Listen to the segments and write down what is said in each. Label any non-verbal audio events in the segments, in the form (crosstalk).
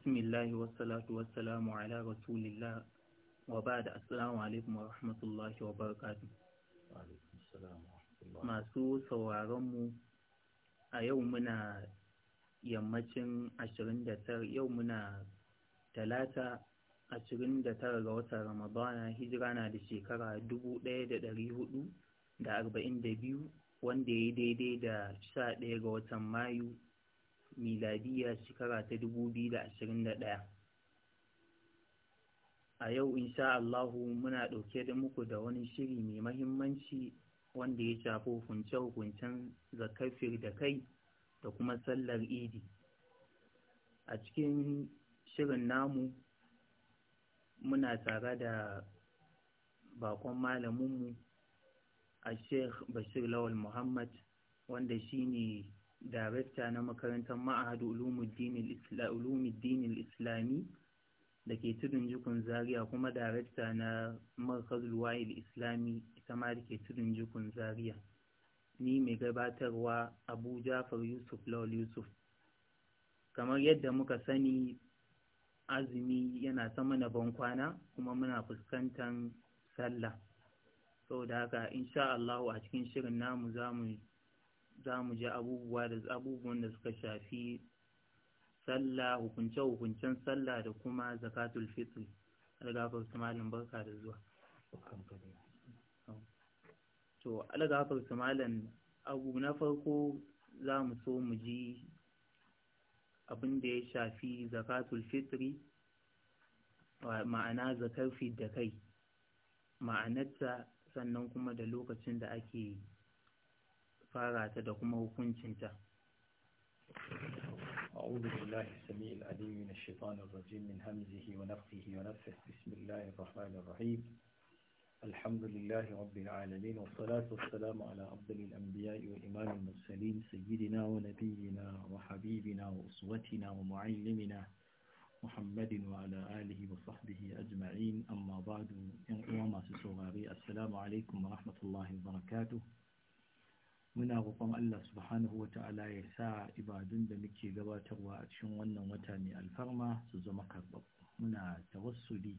bismillahi wassalatu wassalamu ala rasulillah wa ba da assalamu alaikum wa rahmatullahi wa barakatu masu sauraronmu a yau muna yammacin 29 yau muna talata 29 ga watan ramadana hijira na da shekara 1442 wanda ya daidai da 11 ga watan mayu miladiya shekara ta dubu biyu da da ashirin ɗaya. a yau insha Allahu muna ɗauke da muku da wani shiri mai mahimmanci wanda ya shafi hukunce-hukuncen zakafir da kai da kuma sallar idi a cikin shirin namu muna tare da bakon malaminmu a sheikh bashir lawal muhammad wanda shi shine darakta na makarantar ma'ahadu ulumuddin islami da ke tudun jikun zaria kuma darakta na markazul Luwayil islami ita ma da ke tudun jikun zaria ni mai gabatarwa abu jafar yusuf lawal yusuf kamar yadda muka sani azumi yana ta mana bankwana kuma muna fuskantar sallah saboda haka insha Allah a cikin shirin namu za mu za mu ji abubuwan da suka shafi sallah hukunce-hukuncen sallah da kuma zakatul fitri algafar samalin barka da zuwa to algafar samalin abu na farko za mu so mu ji abinda ya shafi zakatul fitri ma'ana zakar da kai ma'anarta sannan kuma da lokacin da ake yi كفارة تدقم وكنشنتا أعوذ بالله السميع العليم من الشيطان الرجيم من همزه ونفخه ونفخه بسم الله الرحمن الرحيم الحمد لله رب العالمين والصلاة والسلام على أفضل الأنبياء وإمام المرسلين سيدنا ونبينا وحبيبنا وأسوتنا ومعلمنا محمد وعلى آله وصحبه أجمعين أما بعد وما السلام عليكم ورحمة الله وبركاته muna roƙon Allah subhanahu wa ya sa ibadun da muke gabatarwa a cikin wannan wata mai alfarma su zama karɓaɓɓu muna tawassuli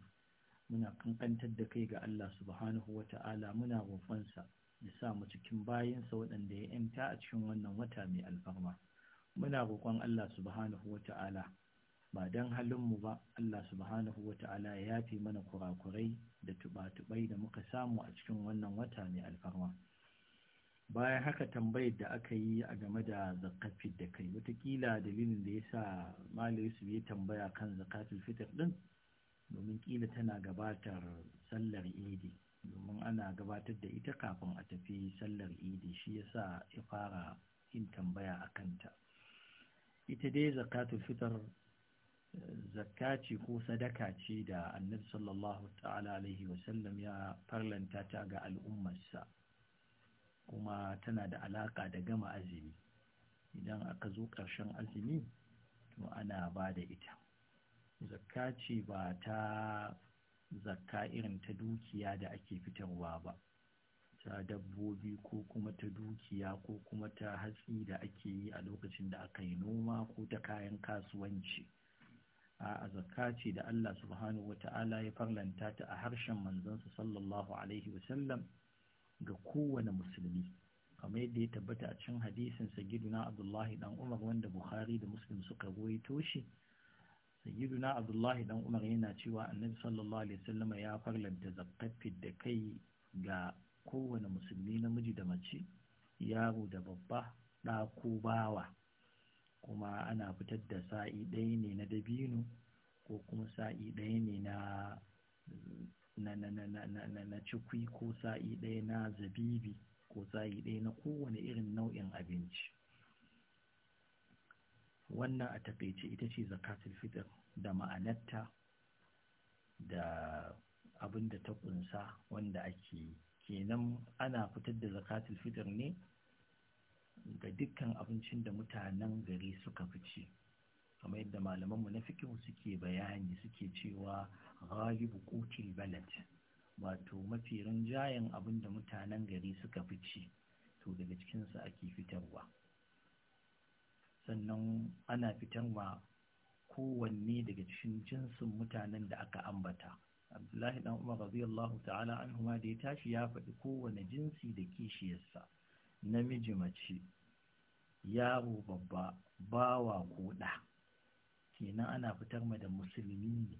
muna kankantar da kai ga Allah subhanahu wa ta'ala muna roƙonsa ya sa mu cikin bayansa waɗanda ya yanta a cikin wannan wata mai alfarma muna roƙon Allah subhanahu wa ta'ala ba don mu ba Allah subhanahu wa ya yafe mana kurakurai da tuba-tubai da muka samu a cikin wannan wata mai alfarma bayan haka tambayar da aka yi a game da zakafi da kai watakila dalilin da ya sa malam yusuf ya tambaya kan zakatul fitar ɗin, domin kila tana gabatar sallar idi domin ana gabatar da ita kafin a tafi sallar idi shi ya sa ya fara yin tambaya a kanta ita dai zakatul fitar eh, zakaci ko sadaka ce da annabi sallallahu ta'ala alaihi wasallam ya farlanta ta ga al'ummarsa kuma tana da alaƙa da gama azumi idan aka zo ƙarshen azumi to ana ba da ita zakka ce ba ta zakka irin ta dukiya da ake fitarwa ba ta dabbobi ko kuma ta dukiya ko kuma ta hatsi da ake yi a lokacin da aka yi noma ko ta kayan kasuwanci a zakka ce da Allah subhanahu wa ta'ala ya farlanta ta a harshen manzansa sallallahu alaihi wasallam ga kowane musulmi kamar yadda ya tabbata a cikin hadisin sayyiduna abdullahi dan umar wanda bukhari da muslim suka goyito shi sayyiduna abdullahi dan umar yana cewa annabi sallallahu alaihi wasallam ya farlanta zakkafi da kai ga kowane musulmi namiji da mace yaro da babba da ko bawa kuma ana fitar da sa'i ɗaya ne na dabino ko kuma sa'i ɗaya ne na na na na na na na na cikwi ko sa'i ɗaya na zabibi ko sa'i ɗaya na kowane irin nau'in abinci wannan a taƙaice ita ce zakatul fitr da ma'anarta da abin da ta ƙunsa wanda ake kenan ana fitar da zakatul fitr ne ga dukkan abincin da mutanen gari suka fi ci kamar yadda malamanmu na fikin suke bayani suke cewa ghalibu qutil balad wato mafi rinjayen abin da mutanen gari suka fi ci to daga cikinsa ake fitarwa sannan ana fitarwa kowanne daga cikin jinsin mutanen da aka ambata abdullahi dan umar radiyallahu ta'ala anhu ma da ya tashi ya faɗi kowane jinsi da kishiyarsa namiji mace yaro babba bawa ko ɗa kenan ana fitar ma da musulmi ne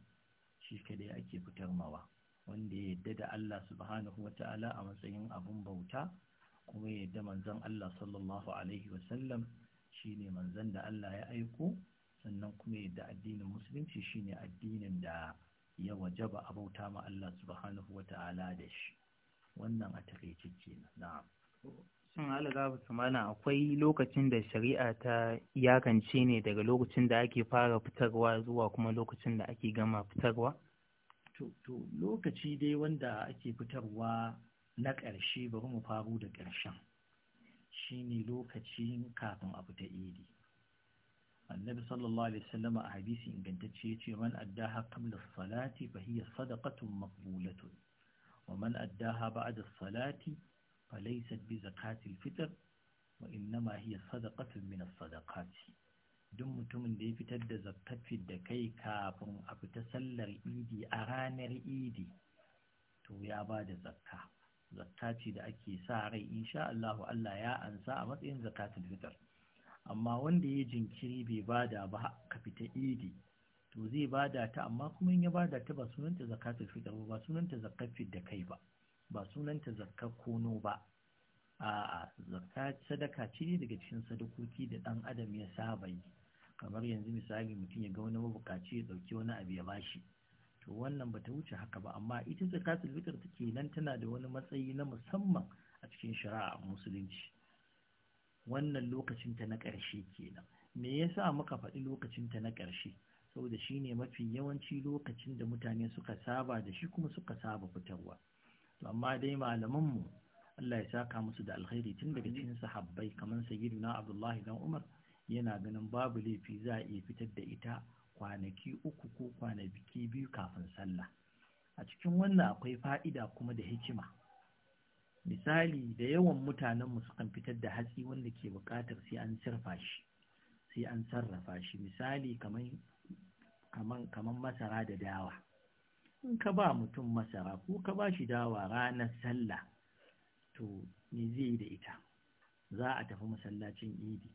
shi kadai ake fitar mawa wanda ya yadda da Allah subhanahu wata'ala a matsayin abun bauta kuma ya yadda manzon Allah sallallahu alaihi wasallam shine manzon da Allah ya aiko sannan kuma ya yadda addinin musulunci shine addinin da ya wajaba a bauta ma Allah subhanahu wata'ala da shi wannan a takaice kenan na'am shin algaba sumana akwai lokacin da shari'a ta iyakance ne daga lokacin da ake fara fitarwa zuwa kuma lokacin da ake gama fitarwa to lokaci dai wanda ake fitarwa na ƙarshe bari mu faru da ƙarshen shine lokacin kafin a fita idi annabi sallallahu alaihi wasallam a hadisi ingantacce yace man addaha qabla as-salati fa hiya sadaqatun maqbulatun wa man addaha ba'da as-salati falaisat bi zakatil fitr wa innama hiya sadaqatun min as-sadaqat duk mutumin da ya fitar da zakafin da kai kafin a fita sallar idi a ranar idi to ya ba da zakka zakka da ake sa rai insha Allah Allah ya ansa a matsayin zakatul fitr amma wanda ya jinkiri bai bada ba ka fita idi to zai bada ta amma kuma in ya bada ta ba sunanta zakatul fitr ba sunanta da kai ba ba sunanta zakka kono ba a'a zakka sadaka ce ne daga cikin sadakoki da ɗan adam ya saba yi kamar yanzu misali mutum ya ga wani mabukaci ya ɗauki wani abu ya bashi to wannan ba ta wuce haka ba amma ita zakatul ta ke nan tana da wani matsayi na musamman a cikin shari'a musulunci wannan lokacin ta na ƙarshe kenan me yasa muka faɗi lokacin ta na ƙarshe saboda shine mafi yawanci lokacin da mutane suka saba da shi kuma suka saba fitarwa amma dai malamanmu Allah ya saka musu da alkhairi tun daga cikin sahabbai kamar sayyiduna Abdullahi dan Umar yana ganin babu laifi za a iya fitar da ita kwanaki uku ko kwanaki biyu kafin sallah a cikin wannan akwai fa'ida kuma da hikima misali da yawan mutanen mutanenmu kan fitar da hatsi wanda ke buƙatar sai an sarrafa shi sai an sarrafa shi misali kaman masara da dawa in ka ba mutum masara ko ka ba shi dawa ranar sallah to me zai yi da ita za a tafi masallacin idi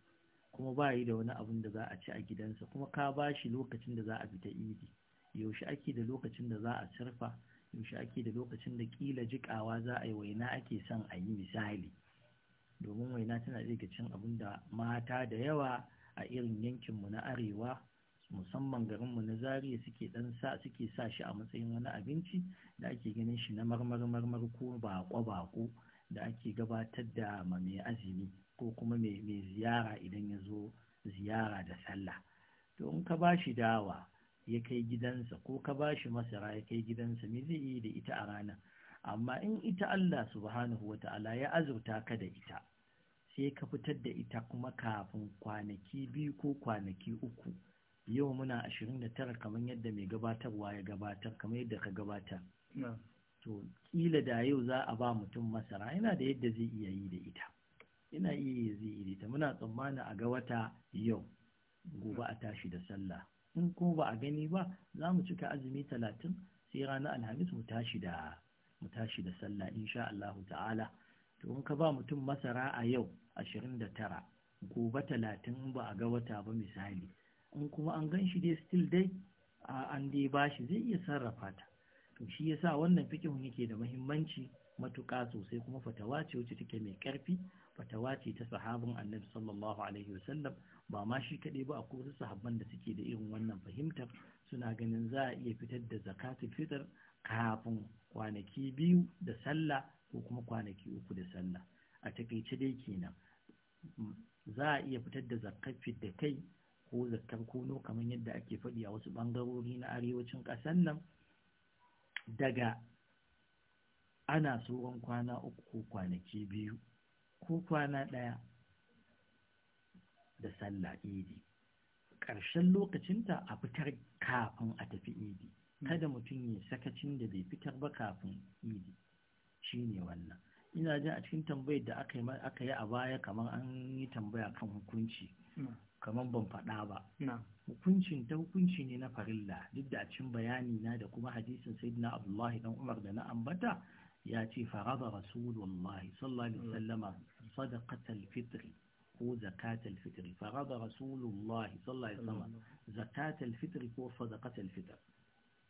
kuma ba yi da wani abun da za a ci a gidansa kuma ka ba shi lokacin da za a fita idi yaushe ake da lokacin da za a sarfa? yaushe ake da lokacin da kila jikawa za a yi waina ake son a yi misali domin waina tana daga cin abun da mata da yawa a irin yankinmu na arewa musamman garinmu na zariya suke dan sa suke sa shi a matsayin wani abinci da ake ganin shi na marmar-marmar ko bako-bako da ake gabatar da ma mai azumi ko kuma mai ziyara idan ya zo ziyara da sallah to in ka ba shi dawa ya kai gidansa ko ka ba shi masara ya kai gidansa me zai yi da ita a rana? amma in ita Allah subhanahu wata'ala ya azurta ka da ita sai ka fitar da ita kuma kafin kwanaki biyu ko kwanaki uku yau muna ashirin da tara kamar yadda mai gabatarwa ya gabatar kamar yadda ka gabata. to kila da yau za a ba mutum masara yana da yadda zai iya yi da ita Ina iya zai iya ita muna tsammanin a ga wata yau gobe a tashi da sallah in kuma ba a gani ba za mu cika azumi talatin sai ranar alhamis mu tashi da mu tashi da sallah insha Allah ta'ala to in ka ba mutum masara a yau ashirin da tara gobe talatin ba a ga wata ba misali in kuma an gan shi dai still dai an dai shi zai iya sarrafa ta to shi yasa wannan fikihun yake da muhimmanci matuƙa sosai kuma fatawa ce wacce take mai ƙarfi fatawa ce ta sahabin annabi sallallahu alaihi wasallam ba ma shi kaɗai ba akwai wasu sahabban da suke da irin wannan fahimtar suna ganin za a iya fitar da zakatul fitr kafin kwanaki biyu da sallah ko kuma kwanaki uku da sallah a takaice dai kenan za a iya fitar da zakat da kai ko zakar kuno kamar yadda ake faɗi a wasu ɓangarori na arewacin ƙasar nan daga ana tsoron kwana uku ko kwanaki biyu ko kwana ɗaya da sallah idi ƙarshen lokacinta a fitar kafin a tafi idi hmm. kada mutum ya sakacin da bai fitar ba kafin idi shine wannan ina jin a cikin tambayar da aka yi a baya kamar an yi tambaya kan hukunci hmm. kamar ban faɗa ba hukuncin ta hukunci ne na farilla duk da cin bayani na da kuma hadisin sayyidina abdullahi dan umar da na ambata ya ce farada rasulullahi sallallahu alaihi wasallama sadaqatal fitri ko zakatal fitri farada rasulullahi sallallahu alaihi wasallama zakatal fitri ko sadaqatal fitr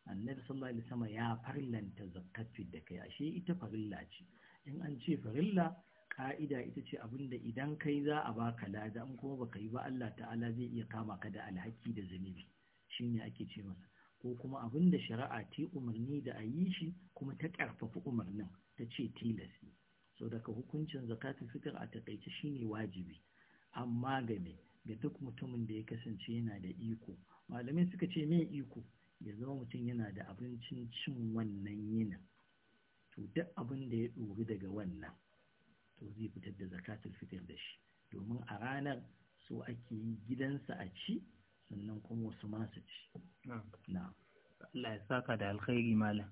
annabi sallallahu alaihi wasallama ya farillanta zakat da kai ashe ita farilla ce in an ce farilla ka'ida ita ce abin da idan kai za a baka lada in kuma baka yi ba Allah ta'ala zai iya kama ka da alhaki da zunubi shine ake ce masa ko kuma da shari'a ta umarni da a yi shi kuma ta ƙarfafa umarnin ta ce tilasi so daga hukuncin zakatu fitar a takaice shine wajibi amma game ga duk mutumin da ya kasance yana da iko malamai suka ce me iko ya zama mutum yana da abincin cin wannan yinin to duk abin da ya ɗori daga wannan to zai fitar da zakatul fitar da shi domin a ranar so ake yi gidansa a ci sannan kuma wasu masu ci na Allah ya saka da alkhairi malam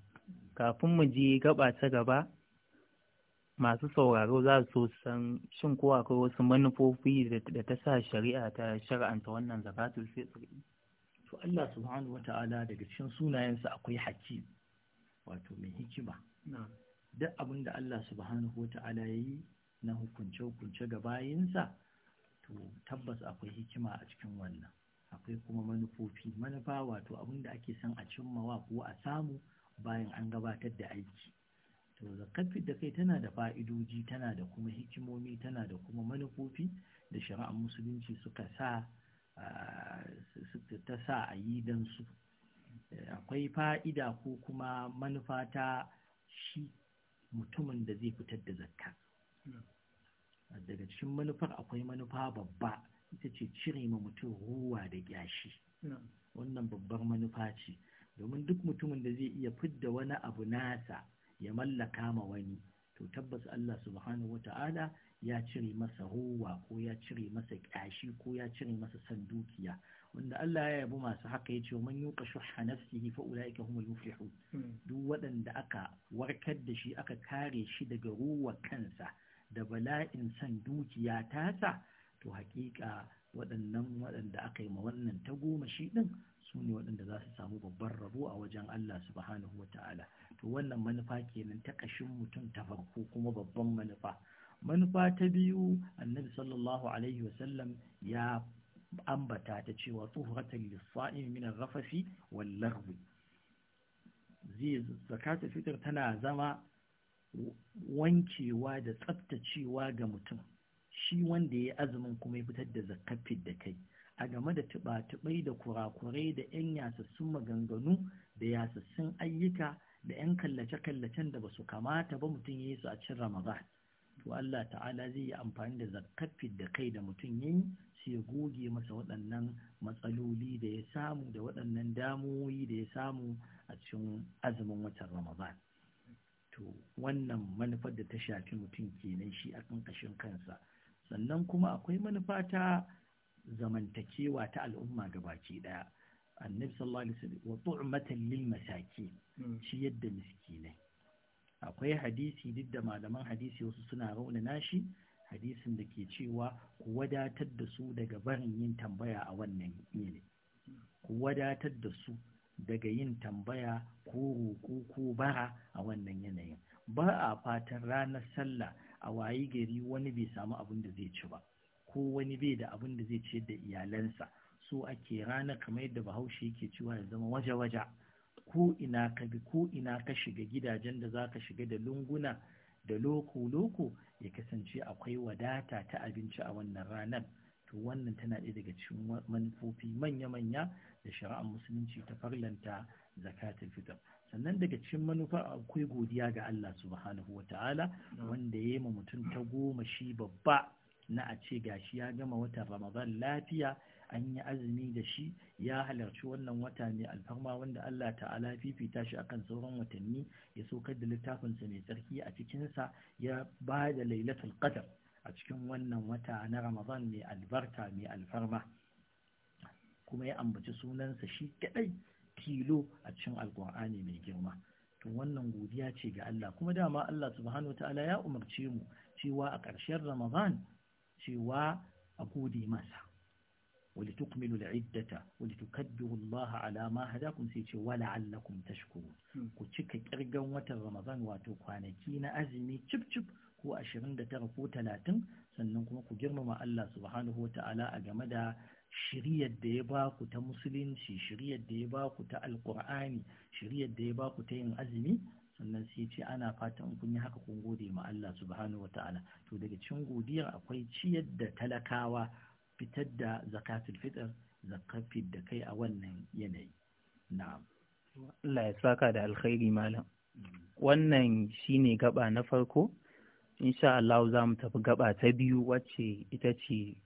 kafin mu je gaba ta gaba masu sauraro za su san shin ko akwai wasu manufofi da ta sa shari'a ta shar'anta wannan zakatul fitr to Allah subhanahu wata'ala daga cikin sunayensa akwai hakim wato mai hikima duk abin da Allah subhanahu wata'ala yi. na hukunce-hukunce ga bayinsa to tabbas akwai hikima a cikin wannan akwai kuma manufofi manufa wato abin da ake son a cimmawa ko a samu bayan an gabatar da aiki to zakafin da kai tana da fa'idoji tana da kuma hikimomi tana da kuma manufofi da shari'ar musulunci suka sa ta sa a yi don su akwai fa'ida ko kuma manufata shi mutumin da zai fitar da zakka daga cikin manufar akwai manufa babba ita ce cire ma mutum ruwa da kyashi wannan babbar manufa ce domin duk mutumin da zai iya fidda wani abu nasa ya mallaka ma wani to tabbas Allah subhanahu wata'ala ya cire masa ruwa ko ya cire masa gyashi ko ya cire masa san dukiya wanda Allah ya yabi masu haka ya ce man yuka shuhha nafsihi fa ulaika humul muflihun hmm. duk waɗanda aka warkar da shi aka kare shi daga ruwa kansa da bala'in san dukiya ta sa to haƙiƙa waɗannan waɗanda aka yi ma wannan ta goma shi ɗin su ne waɗanda za su samu babban rabo a wajen Allah subhanahu wa ta'ala to wannan manufa kenan ta ƙashin mutum ta farko kuma babban manufa manufa ta biyu annabi sallallahu alaihi sallam ya ambata ta cewa tsohuratan lissa'in min rafafi wal larwi zai zakatul fitr tana zama wankewa da tsaftacewa ga mutum shi wanda ya azumin kuma ya fitar da zakafin da kai a game da tuba-tubai da kurakurai da 'yan yasassun maganganu da yasassun ayyuka da 'yan kallace-kallacen da ba su kamata ba mutum ya yi su a cin ramadan to Allah ta'ala zai yi amfani da zakafin da kai da mutum ya yi sai ya goge masa waɗannan matsaloli da ya samu da waɗannan damuwoyi da ya samu a cikin azumin watan ramadan to wannan manufar da ta shafi mutum kenan shi a ƙanƙashin kansa sannan kuma akwai manufa ta zamantakewa ta al'umma gabaki ɗaya annabi sallallahu alaihi wasallam wa lil masaki shi hmm. yadda miskinai akwai hadisi duk da malaman hadisi wasu suna raunana shi hadisin da ke cewa ku wadatar da su daga barin yin tambaya a wannan yini hmm. ku wadatar da su daga yin tambaya ko roƙo ko bara a wannan yanayin ba a fatan ranar sallah a wayi gari wani bai samu abin da zai ci ba ko wani bai da abin da zai ci da iyalansa so ake rana kamar yadda bahaushe yake cewa ya zama waje-waje ko ina ka bi ko ina ka shiga gidajen da za ka shiga da lunguna da loko-loko ya kasance akwai wadata ta abinci a wannan ranar to wannan tana ɗaya daga cikin manufofi manya-manya da shari'ar musulunci ta farlanta zakatul fitr sannan daga cikin manufa akwai godiya ga Allah subhanahu wata'ala mm. wanda ya yi ma mutum ta goma shi babba na a ce gashi ya gama wata ramadan lafiya an yi azumi da shi ya halarci wannan wata ne alfarma wanda Allah ta'ala fifita shi akan sauran watanni ya saukar da littafinsa mai tsarki a cikinsa ya ba da lailatul qadar a cikin wannan wata na ramadan mai albarka mai alfarma kuma ya ambaci sunansa shi kadai tilo a cikin alkur'ani mai girma to wannan godiya ce ga Allah kuma dama Allah subhanahu wataala ya umarce mu cewa a ƙarshen Ramadan cewa a gode masa wali tukmilu al'iddata wali tukaddiru Allah ala ma hadakum sai ce wala allakum tashkuru hmm. ku cika kirgan watan Ramadan wato kwanaki na azumi ko ashirin ko 29 ko 30 sannan kuma ku girmama Allah subhanahu wataala a game da shiriyar da ya baku ta musulunci shiriyar da ya baku ta alkur'ani shiriyar da ya baku ta yin azumi sannan sai ce ana fatan kun yi haka kun gode ma Allah subhanahu ta'ala to daga cikin godiyar akwai ciyar da talakawa fitar da zakatul fitr zakafi da kai a wannan yanayi na'am Allah ya saka da alkhairi malam mm. wannan shine gaba na farko insha Allah za mu tafi gaba ta biyu wacce ita ce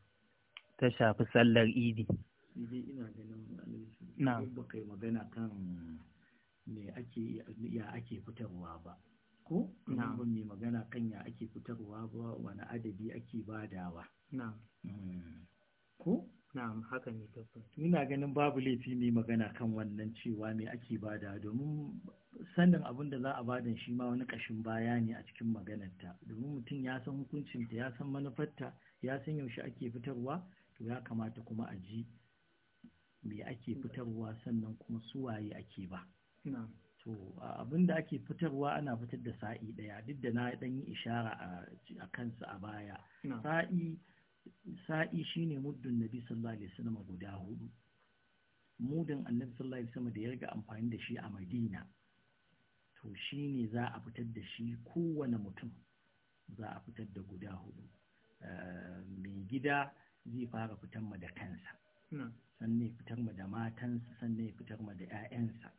ta shafi sallar idi ina ganin ko na mai magana kan ya ake mm. na ganin babu laifi mai magana kan wannan cewa me ake badawa domin sanin abin da za a bada shi ma wani kashin baya ne a cikin maganarta domin mutum ya san hukuncinta ya san manufarta ya san yaushe ake fitarwa to ya kamata kuma a ji me ake fitarwa sannan kuma suwaye ake ba to abinda ake fitarwa ana fitar da sa'i daya duk da na dan yi ishara a kansa a baya sa'i sa'i shine muddin nabi sallallahu alaihi wasallam guda hudu mudin annabi sallallahu alaihi wasallam da ya riga amfani da shi a madina to shine za a fitar da shi kowane mutum za a fitar da guda hudu eh, mai gida zai fara fitar ma da kansa sannan ya fitar ma da matansa sannan ya fitar ma da 'ya'yansa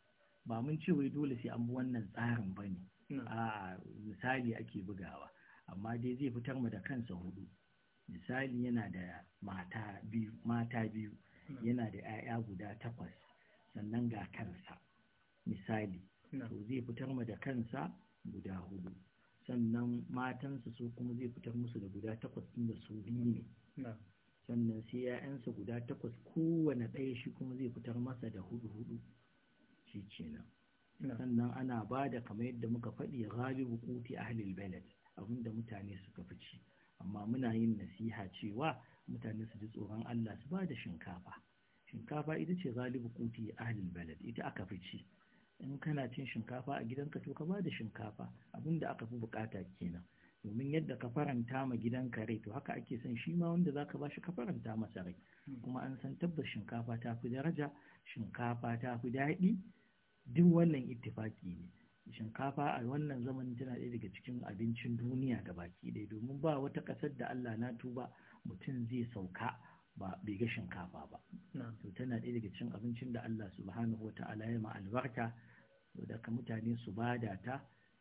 ba mun ce wai dole sai an bi wannan tsarin ba ne a misali ake bugawa amma dai zai fitar ma da kansa hudu misali yana da mata biyu yana da 'ya'ya guda takwas sannan ga kansa misali to zai fitar ma da kansa guda hudu sannan matansa su kuma zai fitar musu da guda takwas da su biyu ne sannan sai ‘ya'yansa guda takwas kowane ɗaya shi kuma zai fitar masa da hudu-hudu shi kenan sannan ana ba da kamar yadda muka faɗi galibu kuti ahlil belet, abinda mutane suka fi ci amma muna yin nasiha cewa mutane su ji tsoron Allah su ba da shinkafa shinkafa ita ce bukuti kuti ahlil belet, ita aka fi ci in kana cin shinkafa a gidanka to ka ba da shinkafa abinda aka fi bukata kenan domin yadda ka faranta ma gidan ka rai to haka ake son shi ma wanda zaka ba shi ka faranta masa rai kuma an san tabbas shinkafa ta fi daraja shinkafa ta fi daɗi duk wannan ittifaki ne shinkafa a wannan zaman tana ɗaya daga cikin abincin duniya ga baki ɗaya domin ba wata ƙasar da Allah na tuba mutum zai sauka ba bai ga shinkafa ba to tana ɗaya daga cikin abincin da Allah subhanahu wa ta'ala ya ma albarka da ka mutane su bada ta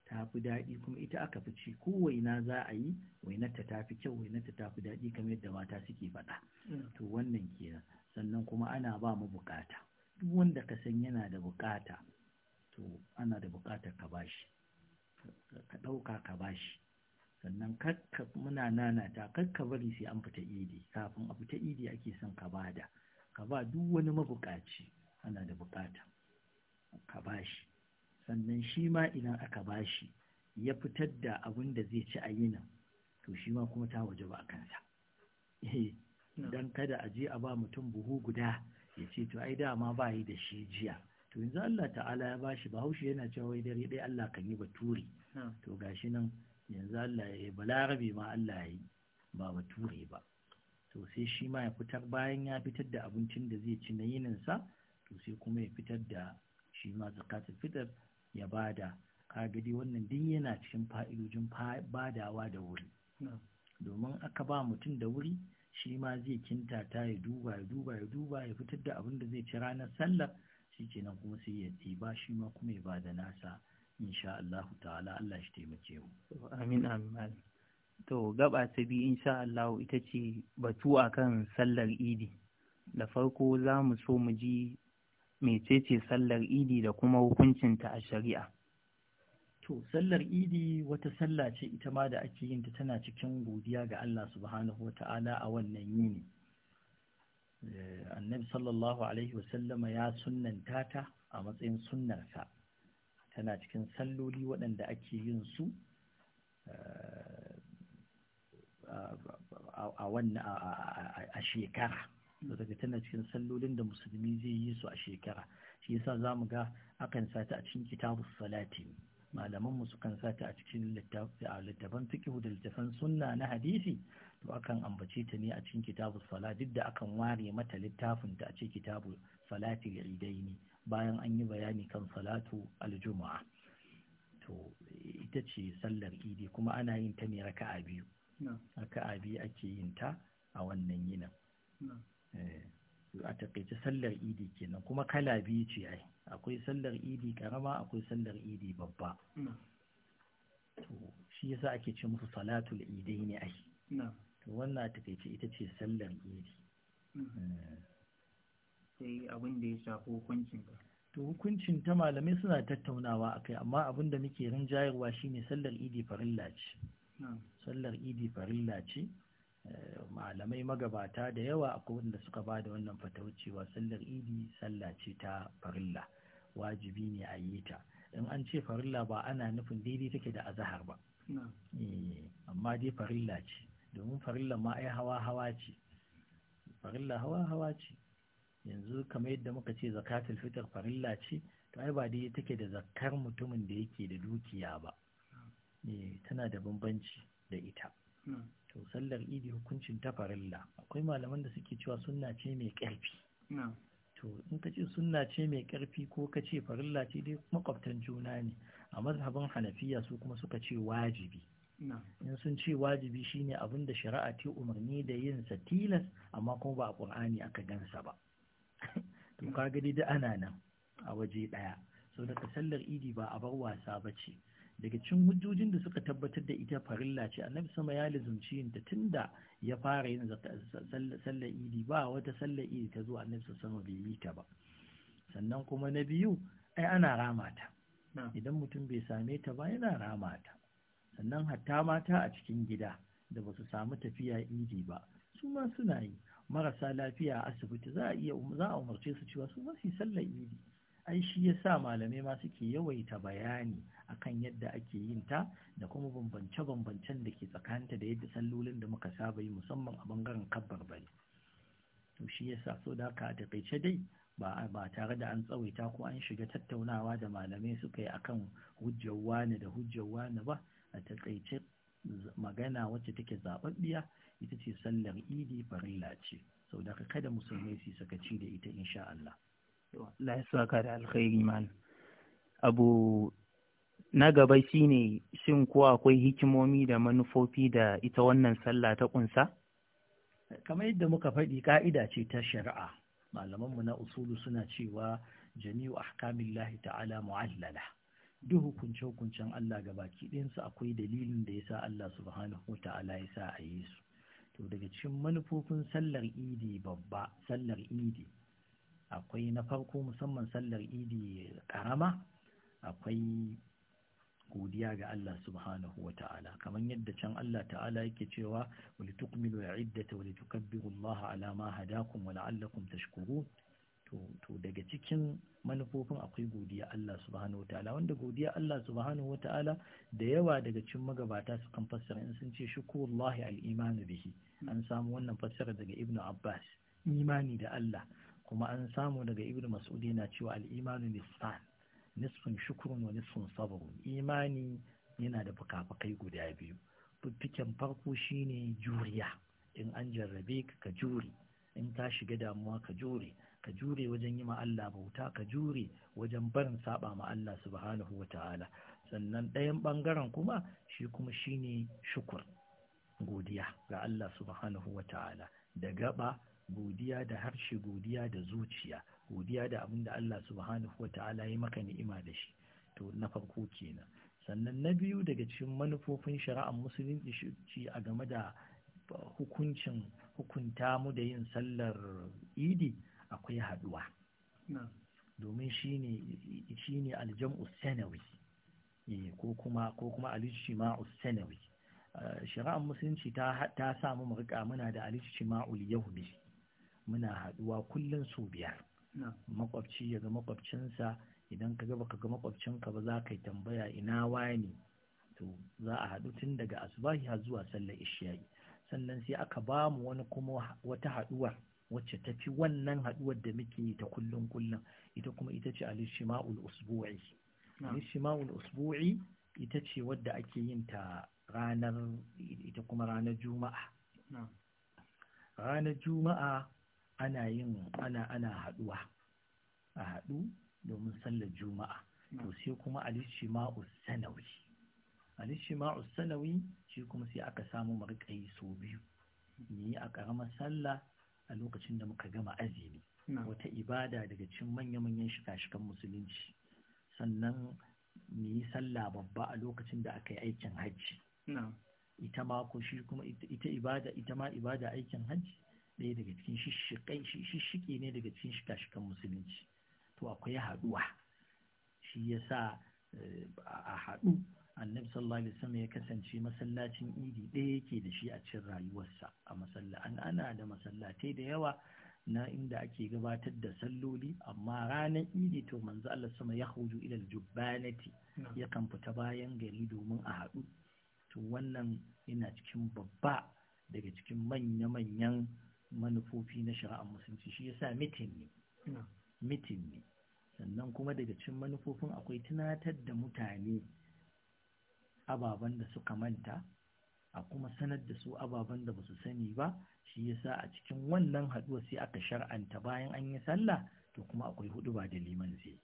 ta fi daɗi kuma ita aka fi ci ko waina za a yi wainarta ta fi kyau wainarta ta fi daɗi kamar yadda mata suke faɗa mm. to wannan kenan sannan kuma ana ba mu bukata duk wanda ka san yana da bukata to ana da bukatar ka bashi ka ɗauka ka bashi sannan kakka muna nanata kakka bari sai an fita idi kafin a fita idi ake son ka bada ka ba duk wani mabukaci ana da bukata ka bashi sannan shi ma idan aka bashi ya fitar da abin da zai ci a yinin to shi ma kuma ta waje ba a kansa eh, don kada a je a ba mutum buhu guda ya ce to ai dama ba yi da shi jiya to yanzu Allah ta'ala ya bashi bahaushe yana cewa wai dare dai Allah kan yi bature to gashi nan yanzu Allah ya yi balarabe ma Allah ya yi ba bature ba to sai shi ma ya fitar bayan ya fitar da abincin da zai ci na yininsa to sai kuma ya fitar da shi ma zakatul fitr ya bada kaga dai wannan din yana cikin fa'idojin badawa da wuri domin aka ba mutum da wuri shi ma zai kintata ya duba ya duba ya duba ya fitar da abin da zai ci ranar sallar shi kenan kuma sai ya ba shi ma kuma ya bada nasa insha Allah ta'ala Allah shi taimake mu amin amin to gaba ta bi insha Allah ita ce batu akan sallar idi da farko za mu so mu ji mecece sallar idi da kuma hukuncinta a shari'a to sallar idi wata salla ce ita ma da ake yin ta tana cikin godiya ga Allah subhanahu Ta'ala a wannan yini eh, annabi sallallahu alaihi wasallama ya sunnanta ta a matsayin sunnarsa tana cikin salloli waɗanda ake yin su a shekara daga tana cikin sallolin da musulmi zai yi su a shekara shi yasa za mu ga akan sata a cikin kitabu salati malaman mu sukan sata a cikin littafan fiqh da littafan sunna na hadisi to akan ambace ta ne a cikin kitabu salati duk da akan ware mata littafin ta a cikin kitabu salati al-idaini bayan an yi bayani kan salatu al to ita ce sallar idi kuma ana yin ta ne raka'a biyu raka'a biyu ake yin ta a wannan yinin Eh, a takaice sallar idi kenan kuma kala biyu ce ai akwai sallar idi karama akwai sallar idi babba to shi yasa ake ce musu salatul idai ne ai to wannan a takaice ita ce sallar idi mm-hmm. eh. sai abin da ya shafi hukuncin to hukuncin ta malamai suna tattaunawa akai amma abin da muke rinjayarwa shine sallar idi farilla ce sallar idi farilla ce Eh, malamai magabata da yawa akwai wanda suka ba da wannan fatawar sallar idi sallah ce ta farilla wajibi ne a yi ta in an ce farilla ba ana nufin daidai take da azahar ba eh, amma dai farilla ce domin farilla ma ai hawa hawa ce farilla hawa hawa ce yanzu kamar yadda muka ce zakatul fitr farilla ce to ai ba dai take da zakar mutumin da yake da dukiya ba eh, tana da bambanci da ita to sallar idi hukuncin ta farilla akwai malaman da suke cewa sunna ce mai ƙarfi to in ka ce sunna ce mai ƙarfi ko ka ce farilla ce dai makwabtan juna ne a mazhabin hanafiya su kuma suka ce wajibi in sun ce wajibi shine abin da shari'a ta umarni da yin sa tilas amma kuma ba a qur'ani aka gansa ba (laughs) to kaga dai da ana nan a waje ɗaya. daya da sallar idi ba a bar wasa bace daga cikin hujjojin da suka tabbatar da ita farilla ce annabi sama ya lizumci yin ta tunda ya fara yin sallar idi ba wata sallar idi ta zo annabi sama bai yi ta ba sannan kuma na biyu ai ana rama ta idan mutum bai same ta ba yana rama ta sannan hatta mata a cikin gida da ba su samu tafiya idi ba su ma suna yi marasa lafiya a asibiti za a iya um-, za a umarce su cewa su ma su sallar idi ai shi yasa malamai ma suke yawaita bayani akan yadda ake yin ta da kuma bambance-bambancen da ke tsakanta da yadda sallolin da muka saba yi musamman a bangaren kabbar bari to shi yasa so da ka a takaice dai ba tare da an tsawaita ko an shiga tattaunawa da malamai suka yi akan hujjar wani da hujjar wani ba a takaice magana wacce take zababbiya ita ce sallar idi farilla ce sau da kada musulmai su ci da ita insha Allah. Allah ya saka da alkhairi man. Abu na gaba shine shin ko akwai hikimomi da manufofi da ita wannan sallah ta ƙunsa? kamar yadda muka faɗi ka'ida ce ta shari'a malamanmu na usulu suna cewa jami'u lahi ta'ala mu'allala duk hukunce hukuncen Allah ga baki ɗinsu akwai dalilin da yasa Allah subhanahu Ta'ala ya sa a yi su to daga cikin manufofin sallar idi babba sallar idi akwai na farko musamman sallar idi karama akwai godiya ga Allah subhanahu wa ta'ala kamar yadda can Allah ta'ala yake cewa wali tukmilu ya iddata wali tukabbiru Allah ala ma hadakum wa la'allakum to daga cikin manufofin akwai godiya Allah subhanahu wa ta'ala wanda godiya Allah subhanahu wa ta'ala da yawa daga cikin magabata su kan fassara in sun ce shukurullahi al-imanu bihi an samu wannan fassara daga Ibn Abbas imani da Allah kuma an samu daga Ibn Mas'ud yana cewa al-imanu lisan nisfin shukurun wa nisfin sabrun imani yana da fukafukai guda biyu fiffiken farko shine juriya in an jarrabe ka ka jure in ka shiga damuwa ka jure ka jure wajen yi Allah bauta ka jure wajen barin saba ma Allah subhanahu wa ta'ala sannan ɗayan ɓangaren kuma shi kuma shine shukur godiya ga Allah subhanahu wa ta'ala da gaba godiya da harshe godiya da zuciya godiya da abin da Allah subhanahu wata'ala ya maka ni'ima da shi to na farko kenan sannan na biyu daga cikin manufofin shari'ar musulunci a game da hukuncin hukunta mu da yin sallar idi akwai haduwa domin shine ne aljam'u sanawi eh, ko kuma ko kuma sanawi eh, shari'ar musulunci ta ta samu mu rika muna da alijtima'ul yahudi muna haduwa kullun su biyar makwabci ya ga makwabcinsa idan ka ga baka ga makwabcinka ba za ka yi tambaya ina ne to za a haɗu tun daga asubahi har zuwa sallar isha'i sannan sai aka ba mu wani kuma wata haɗuwar wacce ta fi wannan haɗuwar da muke yi ta kullum kullum ita kuma ita ce alishima'ul usbu'i alishima'ul usbu'i ita ce wadda ake yin ta ranar ita kuma ranar juma'a ranar juma'a ana yin ana ana haɗuwa a hadu domin sallar juma'a to sai kuma alishima'u sanawi alishima'u sanawi shi kuma sai aka samu marƙayi sau biyu ni a ƙaramar sallah a lokacin da muka gama azumi wata ibada daga cikin manya-manyan shika-shikan musulunci sannan ni sallah babba a lokacin da aka yi aikin hajji ita ma ko shi kuma ita ibada ita ma ibada aikin hajji ɗaya daga cikin shishikai shishike ne daga cikin shika-shikan musulunci to akwai haɗuwa shi ya sa eh, a haɗu annabi sallallahu alaihi wasallam ya kasance masallacin idi ɗaya yake da shi a cikin rayuwarsa a masallacin ana da masallatai da yawa na inda ake gabatar da salloli amma ranar idi to manzo Allah sama ya huju ila jubbanati yakan fita bayan gari domin a haɗu to wannan yana cikin babba daga cikin manya-manyan manufofi na shari'ar musulunci shi yasa mitin ne mitin ne sannan kuma daga cikin manufofin akwai tunatar da mutane ababen da suka manta a kuma sanar da su ababen da ba su sani ba shi yasa a cikin wannan haduwa sai aka shar'anta bayan an yi sallah to kuma akwai hudu ba da liman zai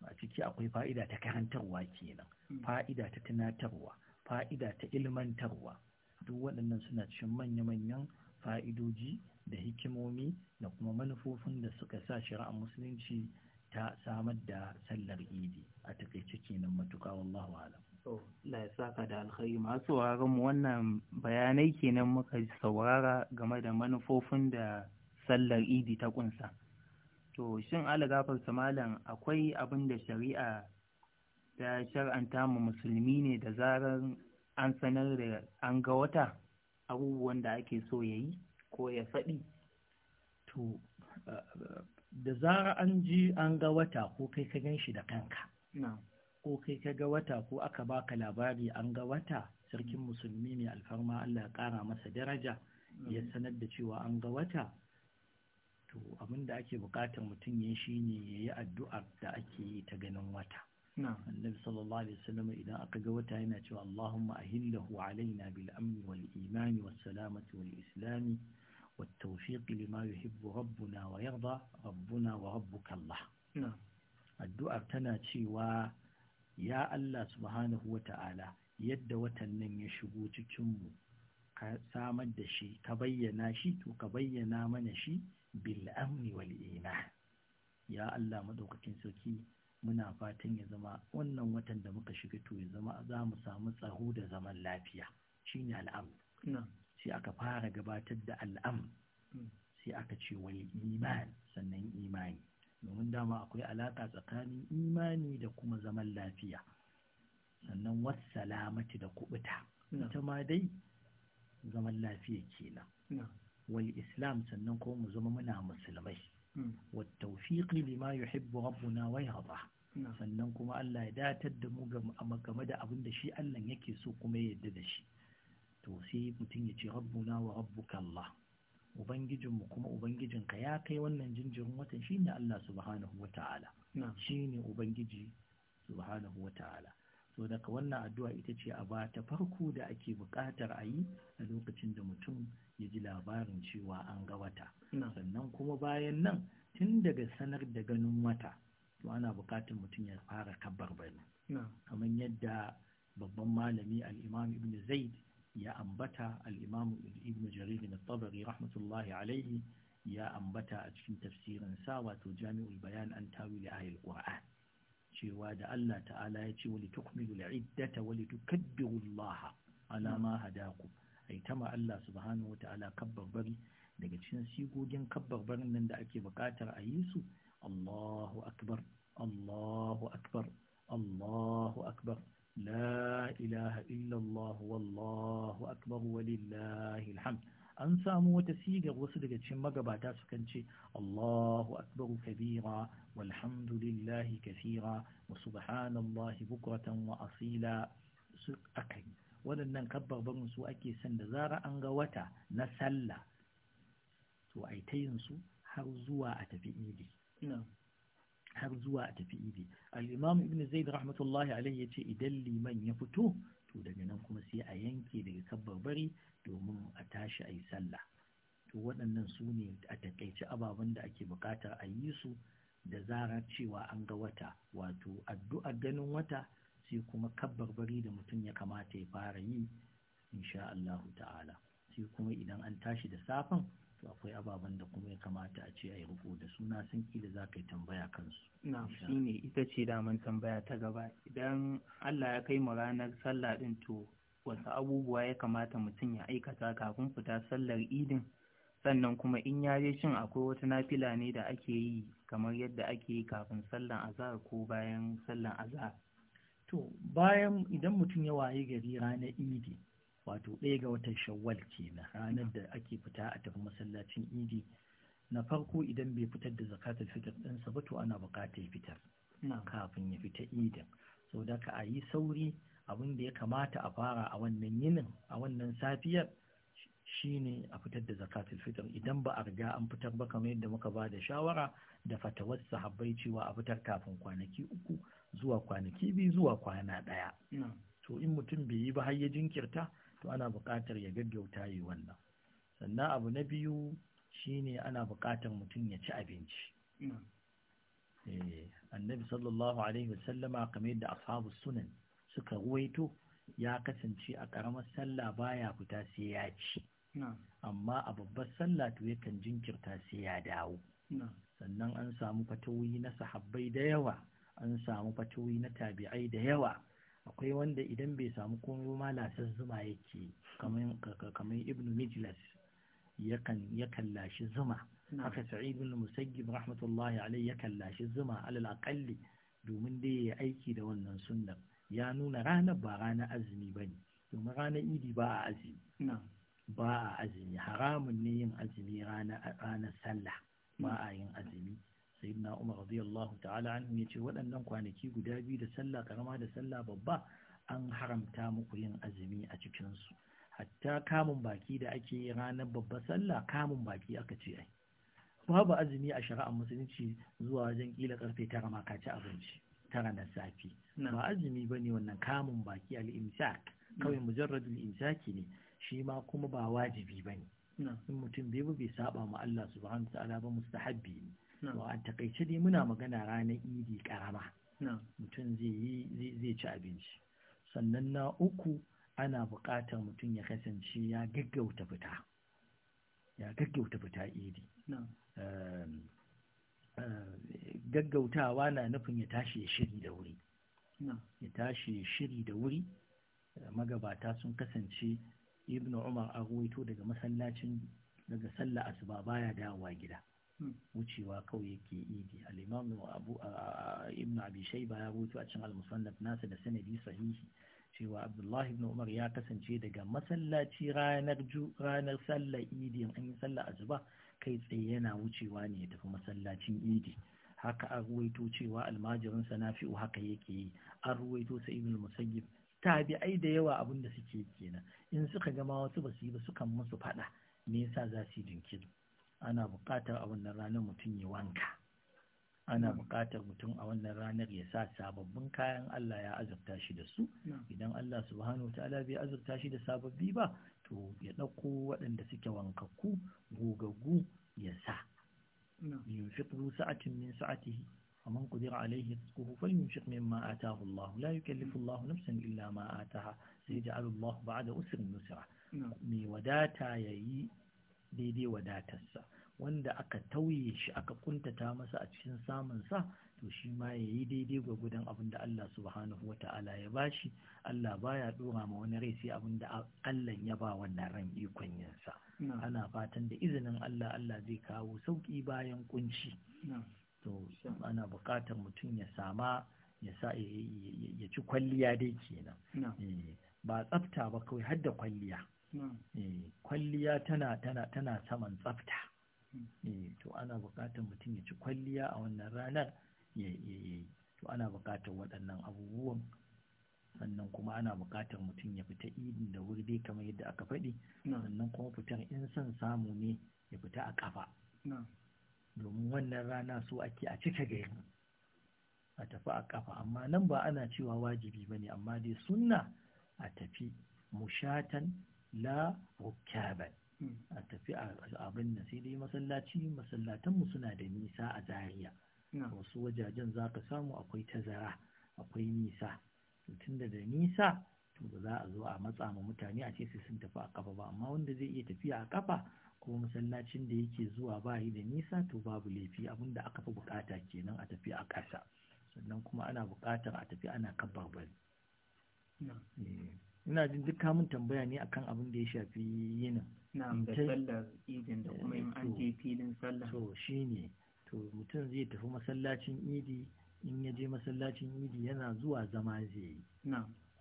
a ciki akwai fa'ida ta karantarwa kenan mm. fa'ida ta tunatarwa fa'ida ta ilmantarwa duk waɗannan suna cikin manya-manyan fa'idoji da hikimomi da kuma manufofin da suka sa shari'ar musulunci ta samar da sallar idi a takaice kenan matuƙa wallahu alam Allah ya saka da alkhairi masu sauraron mu wannan bayanai kenan muka saurara game da manufofin da sallar idi ta kunsa to shin alagafar malam akwai abin da shari'a ta shar'anta mu musulmi ne da zarar an sanar da an ga wata abubuwan da ake so ya yi ko ya faɗi to da zara an ji an ga wata ko kai ka gan shi da kanka ko kai ka ga wata ko aka baka labari an ga wata sarkin musulmi mai alfarma Allah ya ƙara masa daraja ya sanar da cewa an ga wata to abinda ake bukatar mutum ya shi ne ya yi addu'ar da ake yi ta ganin wata annabi sallallahu alaihi wasallam idan aka ga wata yana cewa Allahumma ahillahu alaina bil amni wal imani was salamati wal islami wat tawfiq lima yuhibbu rabbuna wa yarda rabbuna wa rabbuka Allah addu'ar tana cewa ya Allah subhanahu wa ta'ala yadda watan nan ya shigo cikin mu ka samar da shi ka bayyana shi to ka bayyana mana shi bil'amni amni wal iman ya Allah madaukakin sarki muna fatan ya zama wannan watan da muka shiga to ya zama za mu samu tsaro da zaman lafiya shine al'am sai aka fara gabatar da al'am mm. sai aka ce wani iman sannan imani domin dama akwai alaƙa tsakanin imani da kuma zaman lafiya sannan wasu salamati da kubuta ita ma dai zaman lafiya kenan wal islam sannan kuma mu zama muna musulmai Hmm. والتوفيق لما يحب ربنا ويرضى sannan kuma Allah ya datar da mu game da abin da shi Allah yake so kuma ya yarda da shi to sai mutum ya ce rabbuna wa rabbuka Allah mu kuma ka ya kai wannan jinjirin watan shine Allah subhanahu wataala shine ubangiji subhanahu wataala so daga wannan addu'a ita ce a ba ta farko da ake buƙatar a yi a lokacin da mutum ya ji labarin cewa an ga wata sannan kuma bayan nan tun daga sanar da ganin wata to ana buƙatar mutum ya fara tabbar bari kamar yadda babban malami al'imam ibn zaid ya ambata al'imam ibn jarir na tabari rahmatullahi alaihi ya ambata a cikin tafsirin sa wato jami'ul bayan an tawili ayil qur'an cewa da Allah ta'ala ya ce wali tukmilu al'iddata wali tukabbiru Allah ala ma hadakum ai tama Allah subhanahu wata'ala kabbarbari daga cikin sigogin kabbarbarin nan da ake buƙatar a yi su Allahu akbar Allahu akbar Allahu akbar la ilaha illallah wallahu akbar walillahi alhamd an samu wata sigar wasu daga cikin magabata sukan ce Allahu akbaru kabira walhamdulillahi kafira wa subhanallahi bukratan wa asila su akai waɗannan kabbar barin su ake san da zara an ga wata na sallah to ai ta yin su har zuwa a tafi idi har zuwa a tafi idi al-imam ibn zaid rahmatullahi alaihi yace idan liman ya fito to daga nan kuma sai a yanke daga bari domin a tashi a yi sallah to waɗannan su ne a taƙaice ababen da ake buƙatar a yi su da zarar cewa an ga wata wato addu'ar ganin wata sai kuma bari da mutum ya kamata ya fara yi insha Allah ta'ala sai kuma idan an tashi da safin akwai ababen da kuma ya kamata a ce a yi riko da suna sun kila za ka yi tambaya kansu na shi ne ita ce daman tambaya ta gaba idan allah ya kai mu ranar sallah din to wasu abubuwa ya kamata mutum ya aikata kafin fita sallar idin sannan kuma in ya je cin akwai wata nafila ne da ake yi kamar yadda ake yi kafin sallar aza ko bayan sallar aza? to bayan idan mutum ya waye gari ranar idi wato ɗaya ga watan shawwal kenan ranar da ake fita a tafi masallacin idi na farko idan bai fitar da zakatul fitr ɗinsa ba to ana buƙatar fitar kafin ya fita idin sau da ka a yi sauri abin da ya kamata a fara a wannan yinin a wannan safiyar shine a fitar da zakatul fitr idan ba a riga an fitar ba kamar yadda muka ba da shawara da fatawar sahabbai cewa a fitar kafin kwanaki uku zuwa kwanaki biyu zuwa kwana ɗaya to in mutum bai yi ba har ya jinkirta to ana buƙatar ya gaggauta yi wannan sannan abu na biyu shine ana buƙatar mutum ya ci abinci eh, annabi sallallahu alaihi wasallama kamar yadda ashabu sunan suka ruwaito ya kasance a ƙaramar sallah baya fita sai ya ci amma a babbar sallah to yakan jinkirta sai ya dawo sannan an samu fatoyi na sahabbai da yawa an samu fatoyi na tabi'ai da yawa akwai wanda idan bai samu komai ma lasar zuma yake kamar ibnu mijlas ya kallashi zuma haka sa'id ibn musayyib rahmatullahi ya yakan zuma alal aqalli domin dai ya aiki da wannan sunnar ya nuna ranar ba ranar azumi bane domin ranar idi ba a azumi ba a azumi haramun ne yin azumi ranar sallah ba a yin azumi sayyidina umar radiyallahu ta'ala an ya ce waɗannan kwanaki guda biyu da sallah karama da sallah babba an haramta muku yin azumi a cikin su hatta kamun baki da ake yi ranar babbar sallah kamun baki aka ce ai babu azumi a shari'ar musulunci zuwa wajen kila karfe tara ma ka ci abinci tara na safi ba azumi ba ne wannan kamun baki al-imsak kawai mujarradul imsaki ne shi ma kuma ba wajibi bane in mutum bai bai saba ma Allah subhanahu wa ta'ala ba mustahabbi ne wa a takaice dai muna magana ranar idi karama mutum zai ci abinci sannan na uku ana buƙatar mutum ya kasance ya gaggauta fita ya gaggauta fita idi ehm, eh, gaggautawa na nufin ya tashi ya shiri da wuri ya tashi ya shiri da wuri magabata sun kasance ibn umar a daga masallacin daga sallah asuba baya dawowa gida Hmm. wucewa kawai yake idi al-imam abu ibn abi shayba ya rubuta a cikin al nasa da sanadi sahihi cewa abdullahi ibn umar ya kasance daga masallaci ranar ranar sallar idi an yi sallar azuba kai tsaye yana wucewa ne ya tafi masallacin idi haka an ruwaito cewa almajirin sanafi'u haka yake yi an ruwaito sa ibn musayyib tabi'ai da yawa abin da suke kenan in suka gama wasu basu yi ba sukan musu fada me yasa za su yi jinkiri ana buƙatar a wannan ranar mutum ya wanka ana buƙatar mutum a wannan ranar ya sa sababbin kayan Allah ya azurta shi da su idan Allah subhanahu ta'ala bai azurta shi da sababbi ba to ya ɗauko waɗanda suke wankakku gogaggu ya sa Yin zu sa'atin min sa'atihi ومن قدر عليه رزقه فلينفق مما آتاه Allah la yukallifu Allah nafsan illa ma آتاها سيجعل الله ba'da usrin yusra mai wadata ya yi daidai wadatarsa wanda aka tauye shi aka kuntata masa a cikin samunsa to shi ma ya yi daidai gwagwadon abin da Allah subhanahu wa ta'ala ya bashi Allah baya ɗora ma wani rai sai abin da Allah ya ba wannan ran ikon yinsa ana fatan da izinin Allah Allah zai kawo sauƙi bayan kunci to ana buƙatar mutum ya sama ya sa ya ci kwalliya dai kenan eh, ba tsafta ba kawai har da kwalliya Eh, kwalliya tana tana tana saman tsafta hmm. eh, to ana buƙatar mutum ya ci kwalliya a wannan ranar ya yi to ana buƙatar waɗannan abubuwan sannan kuma ana buƙatar mutum ya fita idin da wuri dai kamar yadda aka faɗi sannan kuma fitar in son samu ne ya fita a ƙafa domin wannan rana so ake a cika gari a tafi a ƙafa amma nan ba ana cewa wajibi ba ne amma dai sunna a tafi mushatan la rukkaban hmm. a tafi abin nan sai dai masallaci masallatanmu suna da nisa a Zariya. Hmm. wasu wajajen za ka samu akwai tazara akwai nisa tun da da nisa to ba za a zo a matsa ma mutane a ce sai sun tafi a kafa ba amma wanda zai iya tafiya a kafa ko masallacin da yake zuwa ba yi da nisa to babu laifi abin da aka fi bukata kenan a tafi a ƙasa sannan kuma ana bukatar a tafi ana kabbarbari. Hmm. Eh. ina jin duk kamun tambaya ne akan abin da ya shafi yinin nan da sallar idin da kuma yin an je filin sallar to ne to mutum zai tafi masallacin idi in ya je masallacin idi yana zuwa zama zai yi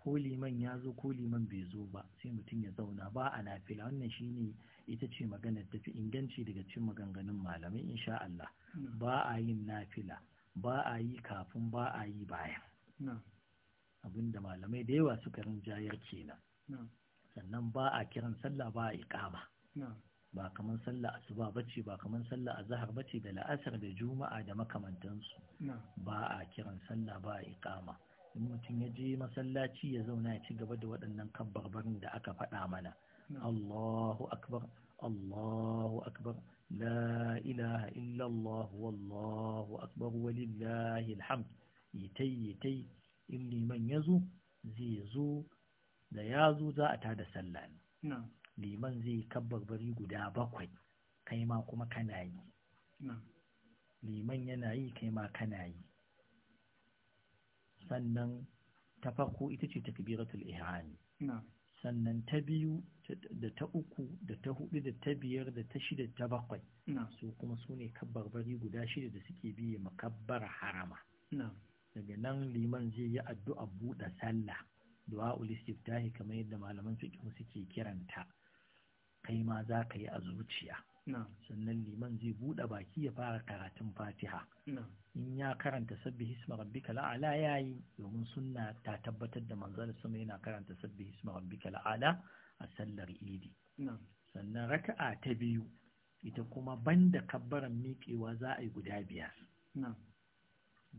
ko liman ya zo ko liman bai zo ba sai mutum ya zauna ba a nafila wannan shi ne ita ce magana tafi inganci daga cin maganganun malamai insha Allah ba a yin nafila ba a yi kafin ba a yi bayan da malamai da yawa suka rinjayar kenan sannan ba a kiran sallah ba a ba kaman sallah asuba bace ba kaman sallah Zahar bace da la'asar da juma'a da makamantansu ba a kiran sallah ba a in mutum ya je masallaci ya zauna ya ci gaba da waɗannan barbarin da aka faɗa mana Allahu akbar Allahu akbar la ilaha illallah wallahu akbar walillahi alhamd yitai yitai in liman ya zo zai zo da ya zo za a tada sallah ne liman zai kabbar bari guda bakwai kai ma kuma kana yi liman yana yi kai ma kana yi sannan ta farko ita ce takbiratul ihrami sannan ta biyu da ta uku da ta hudu da ta biyar da ta shida da ta bakwai su kuma su ne bari guda shida da suke biye makabbar harama daga nan liman zai yi addu'a buɗe sallah du'a ulistiftahi kamar yadda malaman fiqh suke kiranta kai ma za ka yi a zuciya sannan liman zai buɗe baki ya fara karatun fatiha in ya karanta sabbi hisma rabbika la'ala ya domin sunna ta tabbatar da manzon sama yana karanta sabbi hisma rabbika la'ala a sallar idi sannan raka'a ta biyu ita kuma banda kabbaran miƙewa za a yi guda biyar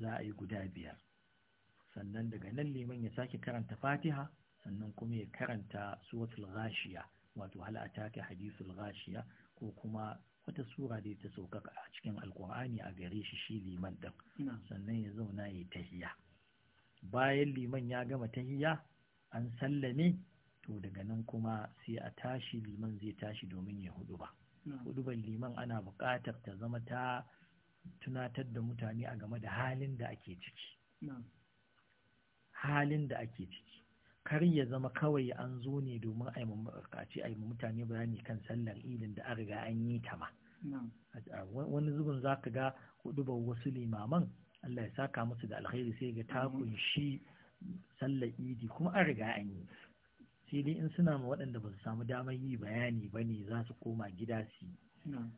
za a yi guda biyar sannan daga nan liman ya sake karanta fatiha sannan kuma ya karanta suratul ghashiya wato hal ataka hadithul ghashiya ko kuma wata sura da ta sauka a cikin alkur'ani a gare shi shi liman din sannan ya zauna ya tahiya bayan liman ya gama tahiya an sallame to daga nan kuma sai a tashi liman zai tashi domin ya hudu ba liman ana buƙatar ta zama ta tunatar da mutane a game da halin da ake ciki halin da ake ciki kar ya zama kawai an zo ne domin a ce a mutane bayani kan sallar idin da an riga an yi ta ma wani zubin za ka ga hudu ba wasu limaman Allah ya saka musu da alkhairi sai ga ta kunshi sallar idi kuma an riga an yi sai dai in suna ma waɗanda ba su samu damar yi bayani ba ne za su koma gida su yi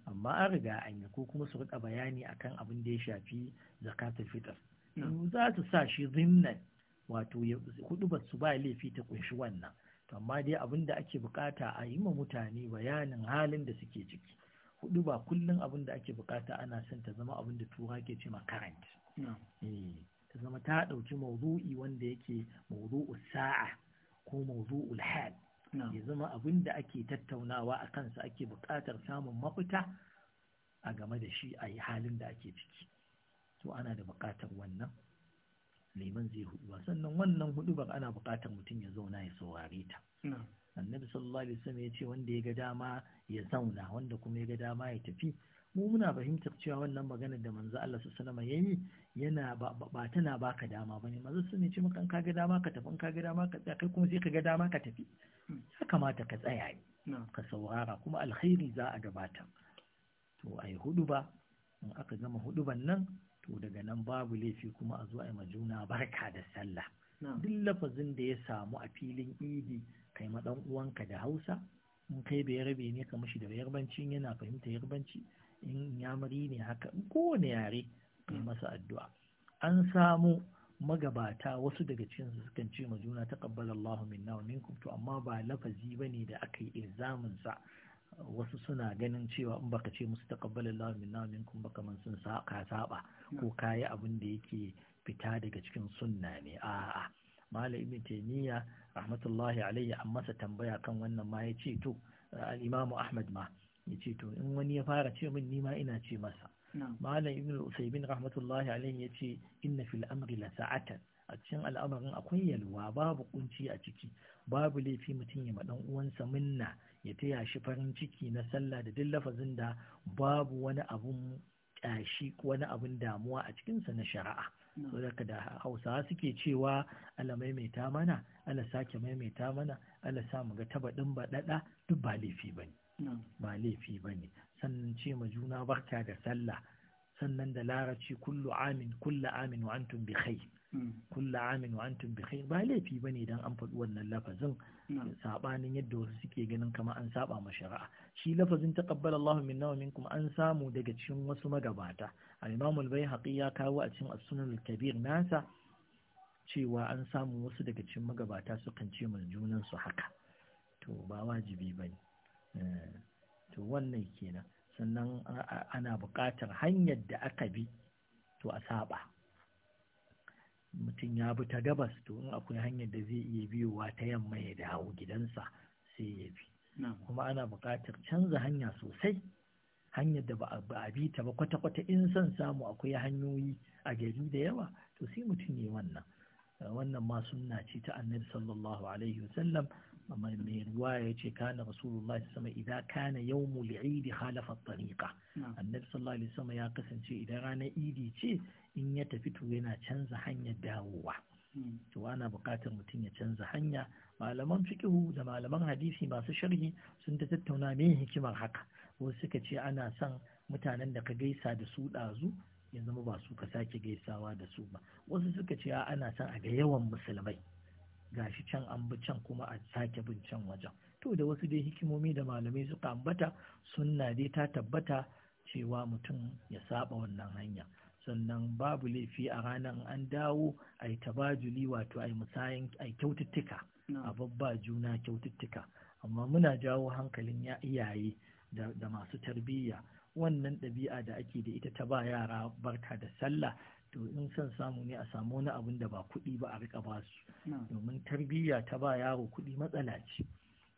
amma an riga an yi ko kuma su rika bayani akan abin da ya shafi zakatul fitr za su sa shi zinnan wato hudu ba su ba laifi ta kunshi wannan to amma dai abin da ake bukata a yi ma mutane bayanin halin da suke ciki hudu ba kullum abin da ake bukata ana son ta zama abin da tura ke ce current eh, ta zama ta dauki mawdu'i wanda yake mawdu'u sa'a ko mawdu'ul hal ya zama abin da ake tattaunawa a kansa ake buƙatar samun mafita a game da shi a yi halin da ake ciki to ana da buƙatar wannan liman zai hudu sannan wannan hudu ba ana buƙatar mutum ya zauna ya saurare ta annabi sallallahu alaihi wasallam ya ce wanda ya ga dama ya zauna wanda kuma ya ga dama ya tafi mu muna fahimtar cewa wannan magana da manzo Allah sallallahu alaihi yayi yana ba tana baka dama bane manzo sun ce maka ka ga dama ka tafi ka ga dama ka kai kuma sai ka ga dama ka tafi ya kamata ka tsaya ne ka saurara kuma alkhairi za a gabata to a yi hudu ba in aka gama hudu ban nan to daga nan babu laifi kuma a zo a yi majuna barka da sallah duk lafazin da ya samu a filin idi kai ma dan uwanka da hausa in kai bai rabe ne ka mashi da yarbancin yana fahimta yarbanci in yamari ne haka kowane yare kai masa addu'a an samu magabata wasu daga cikin su sukan ce ma juna taqabbal Allahu minna wa minkum to amma ba lafazi bane da aka yi ilzamin sa wasu suna ganin cewa in baka ce musu taqabbal Allahu minna wa minkum ba kaman sun ka saba ko kayi abin da yake fita daga cikin sunna ne a'a malam ibn taymiya rahmatullahi alayhi an masa tambaya kan wannan ma ya ce to al-imamu ahmad ma ya ce to in wani ya fara ce min ni ma ina ce masa malam ibn usaymin rahmatullahi alaihi yace inna fil amri la sa'atan a cikin al'amarin akwai yalwa babu kunci a ciki babu laifi mutum ya maɗan uwansa minna ya taya shi farin ciki na sallah da duk lafazin da babu wani abun wani abun damuwa a cikinsa na shari'a saboda da hausawa suke cewa ala maimaita mana ala sake maimaita mana ala sa mu ga taba ɗin baɗaɗa duk ba laifi bane ba laifi ba sannan ce ma juna barka da sallah sannan da larabci kullu amin kullu amin wa antum bi khair mm. kullu amin wa antum bi khair ba laifi bane dan an faɗi wannan lafazin mm. sabanin yadda wasu suke ganin kamar an saba ma shari'a shi lafazin taqabbal Allah minna wa minkum an samu daga cikin wasu magabata al-Imam baihaqi ya kawo a cikin as-Sunan al-Kabir nasa cewa an samu wasu daga cikin magabata sukan ce mun junan su haka to ba wajibi bane eh. to wannan kenan sannan ana buƙatar hanyar da aka bi to a saba mutum ya bi ta gabas to in akwai hanyar da zai iya biyowa ta yamma ya dawo gidansa sai ya bi kuma ana buƙatar canza hanya sosai hanyar da ba a bi ta ba kwata-kwata in son samu akwai hanyoyi a gari da yawa to sai mutum ya wannan wannan ma sunna ce ta annabi sallallahu alaihi wasallam mai riwaya ya ce kana rasulullahi sama idan kana yau idi khalafa tariqa annabi sallallahu alaihi wasallam ya kasance idan ranar idi ce in ya tafi to yana canza hanyar dawowa hmm. to ana buƙatar mutum ya canza hanya malaman fiqhu da malaman hadisi masu sharhi sun ta tattauna me hikimar haka wasu suka ce ana son mutanen da ka gaisa da su ɗazu ya zama ba su ka sake gaisawa da su ba wasu suka ce ana son a ga yawan musulmai gashi can an bi can kuma a sake bin can wajen to da wasu dai hikimomi da malamai suka ambata sunna dai ta tabbata cewa mutum ya saba wannan hanya sannan babu laifi a ranar an dawo a yi tabajuli wato a yi musayin a yi kyaututtuka a babba juna kyaututtuka amma muna jawo hankalin ya iyaye da masu tarbiyya wannan ɗabi'a da ake da ita ta ba yara barka da sallah to in son samu ne a samu wani abin da ba kuɗi ba a rika ba su domin tarbiyya ta ba yaro kuɗi matsala ce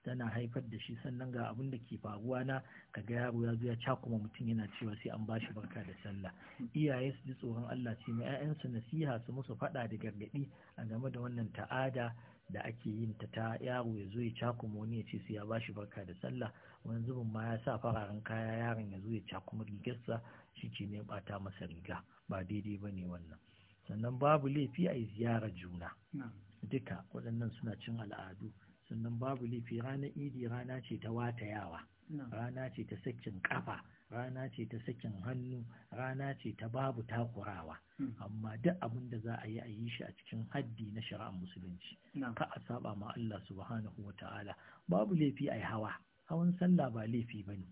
tana haifar da shi sannan ga abin da ke faruwa na ga yaro ya zo ya cakuma mutum yana cewa sai an bashi barka da sallah iyaye su ji tsoron Allah ce mai 'ya'yansu nasiha su musu faɗa da gargaɗi a game da wannan ta'ada da ake yin ta ta yaro ya zo ya cakuma wani ya ce sai ya ba shi barka da sallah wani zubin ma ya sa fararen kaya yaron ya zo ya cakuma rigarsa shi ke ne bata masa riga ba daidai ba ne wannan sannan babu laifi a yi ziyara juna duka waɗannan suna cin al'adu sannan babu laifi ranar idi rana ce ta watayawa rana ce ta sakin kafa rana ce ta sakin hannu rana ce ta babu takurawa hmm. amma duk abin da za a yi a yi shi a cikin haddi na shari'ar musulunci ka a saba ma Allah subhanahu wa ta'ala babu laifi a yi hawa hawan sallah ba laifi ba ne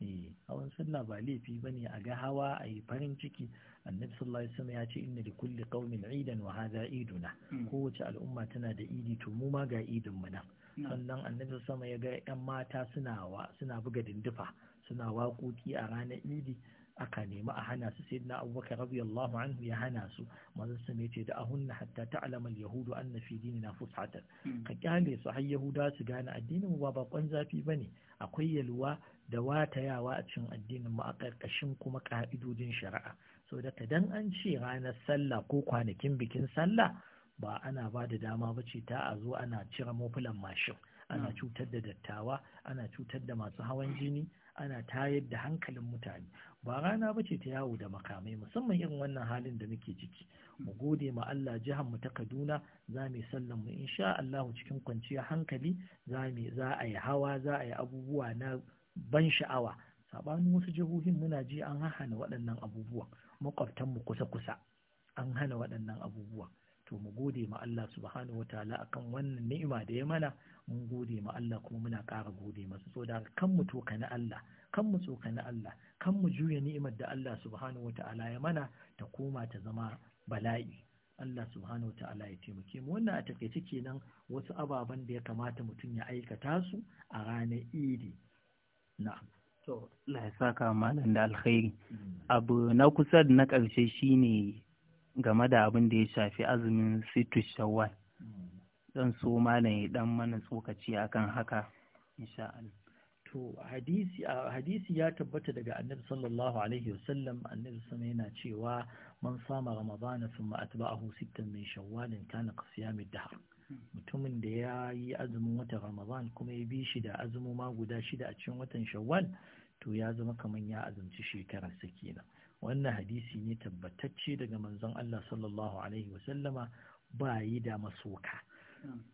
eh, hawan sallah ba laifi ba ne a ga hawa a yi farin ciki annabi sallallahu alaihi wasallam ya ce inna likulli qaumin idan wa hadha iduna hmm. kowace al'umma tana da idi to mu ma ga idin mu nan sannan annabi sama ya ga yan mata suna wa suna buga dindufa suna waƙoƙi a ranar idi aka nemi a hana su sai na abubakar radiyallahu anhu ya hana su manzon sun yace da ahunna hatta ta al-yahudu na fi na fusatan hmm. ka kyale su har yahuda su gane addinin mu ba bakon zafi bane akwai yalwa da watayawa a cikin addinin mu a karkashin kuma ka'idodin shari'a so da dan an ce ranar sallah ko kwanakin bikin sallah ba ana ba da dama ba ce ta a zo ana cire mofulan mashin ana hmm. cutar da dattawa ana cutar da masu hawan jini ana tayar da hankalin mutane ba rana ba ce ta yawo da makamai musamman irin wannan halin da muke ciki mu gode ma Allah jihar mu ta Kaduna za mu sallan mu insha Allah cikin kwanciyar hankali za mu za a yi hawa za a yi abubuwa na ban sha'awa sabanin wasu jihohin muna ji an hana waɗannan abubuwan makwabtan mu kusa kusa an hana waɗannan abubuwa. to mu gode ma Allah subhanahu wataala akan wannan ni'ima da ya mana mun gode ma Allah kuma muna ƙara gode masa so da kan mu na Allah kan mu na Allah kan mu juya ni'imar da Allah subhanahu wata'ala ya mana ta koma ta zama bala'i Allah subhanahu wata'ala ya taimake mu wannan a takaice kenan wasu ababen da ya kamata mutum ya aikata su a ranar idi na. to Allah ya saka malam da alkhairi mm. abu na kusa da na ƙarshe shine game da abin da ya shafi azumin situ shawwal zan so malam ya dan mana tsokaci akan haka insha to hadisi hadisi ya tabbata daga annabi sallallahu alaihi wasallam annabi sama yana cewa man sama ramadana thumma atba'ahu sittan min shawwal kana qiyam ad-dahr mutumin da ya yi azumin watan ramadan kuma ya bi shi da ma guda shida a cikin watan shawwal to ya zama kaman ya azumci shekarar sakina wannan hadisi ne tabbatacce daga manzon Allah sallallahu alaihi wasallama ba yi da masoka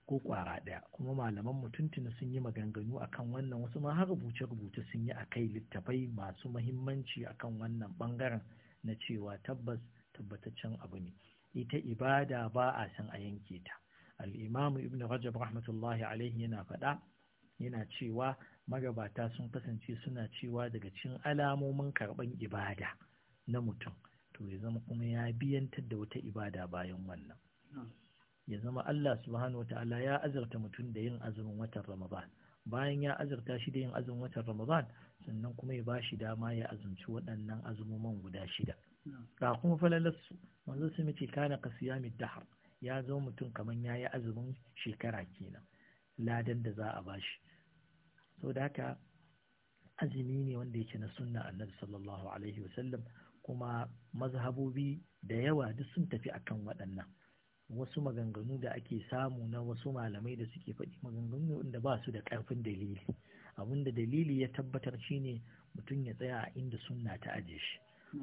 ko kwara ɗaya kuma malaman mutuntuna sun yi maganganu akan wannan wasu ma har rubuce-rubuce sun yi akai littafai masu mahimmanci a kan wannan bangaren na cewa tabbas tabbataccen abu ne ita ibada ba a san a yanke ta al'imamu ibn rajab rahmatullahi alaihi yana faɗa yana cewa magabata sun kasance suna cewa daga cikin alamomin karɓan ibada na mutum to ya zama kuma ya biyantar da wata ibada bayan wannan ya zama Allah subhanahu ta'ala ya azarta mutum da yin azumin watan Ramadan bayan ya azarta shi da yin azumin watan Ramadan sannan kuma ya bashi dama ya azumci waɗannan azumuman guda shida ga kuma falalarsu manzo su mace kana kasiyamid dahar ya zama mutum kamar yayi azumin shekara kenan ladan da za a bashi da haka azumi ne wanda yake na sunna annabi sallallahu alaihi wasallam kuma mazhabobi da yawa duk sun tafi akan waɗannan wasu maganganu da ake samu na wasu malamai da suke faɗi maganganu da ba su da ƙarfin dalili abin da dalili ya tabbatar shine mutum ya tsaya a inda sunna ta aje shi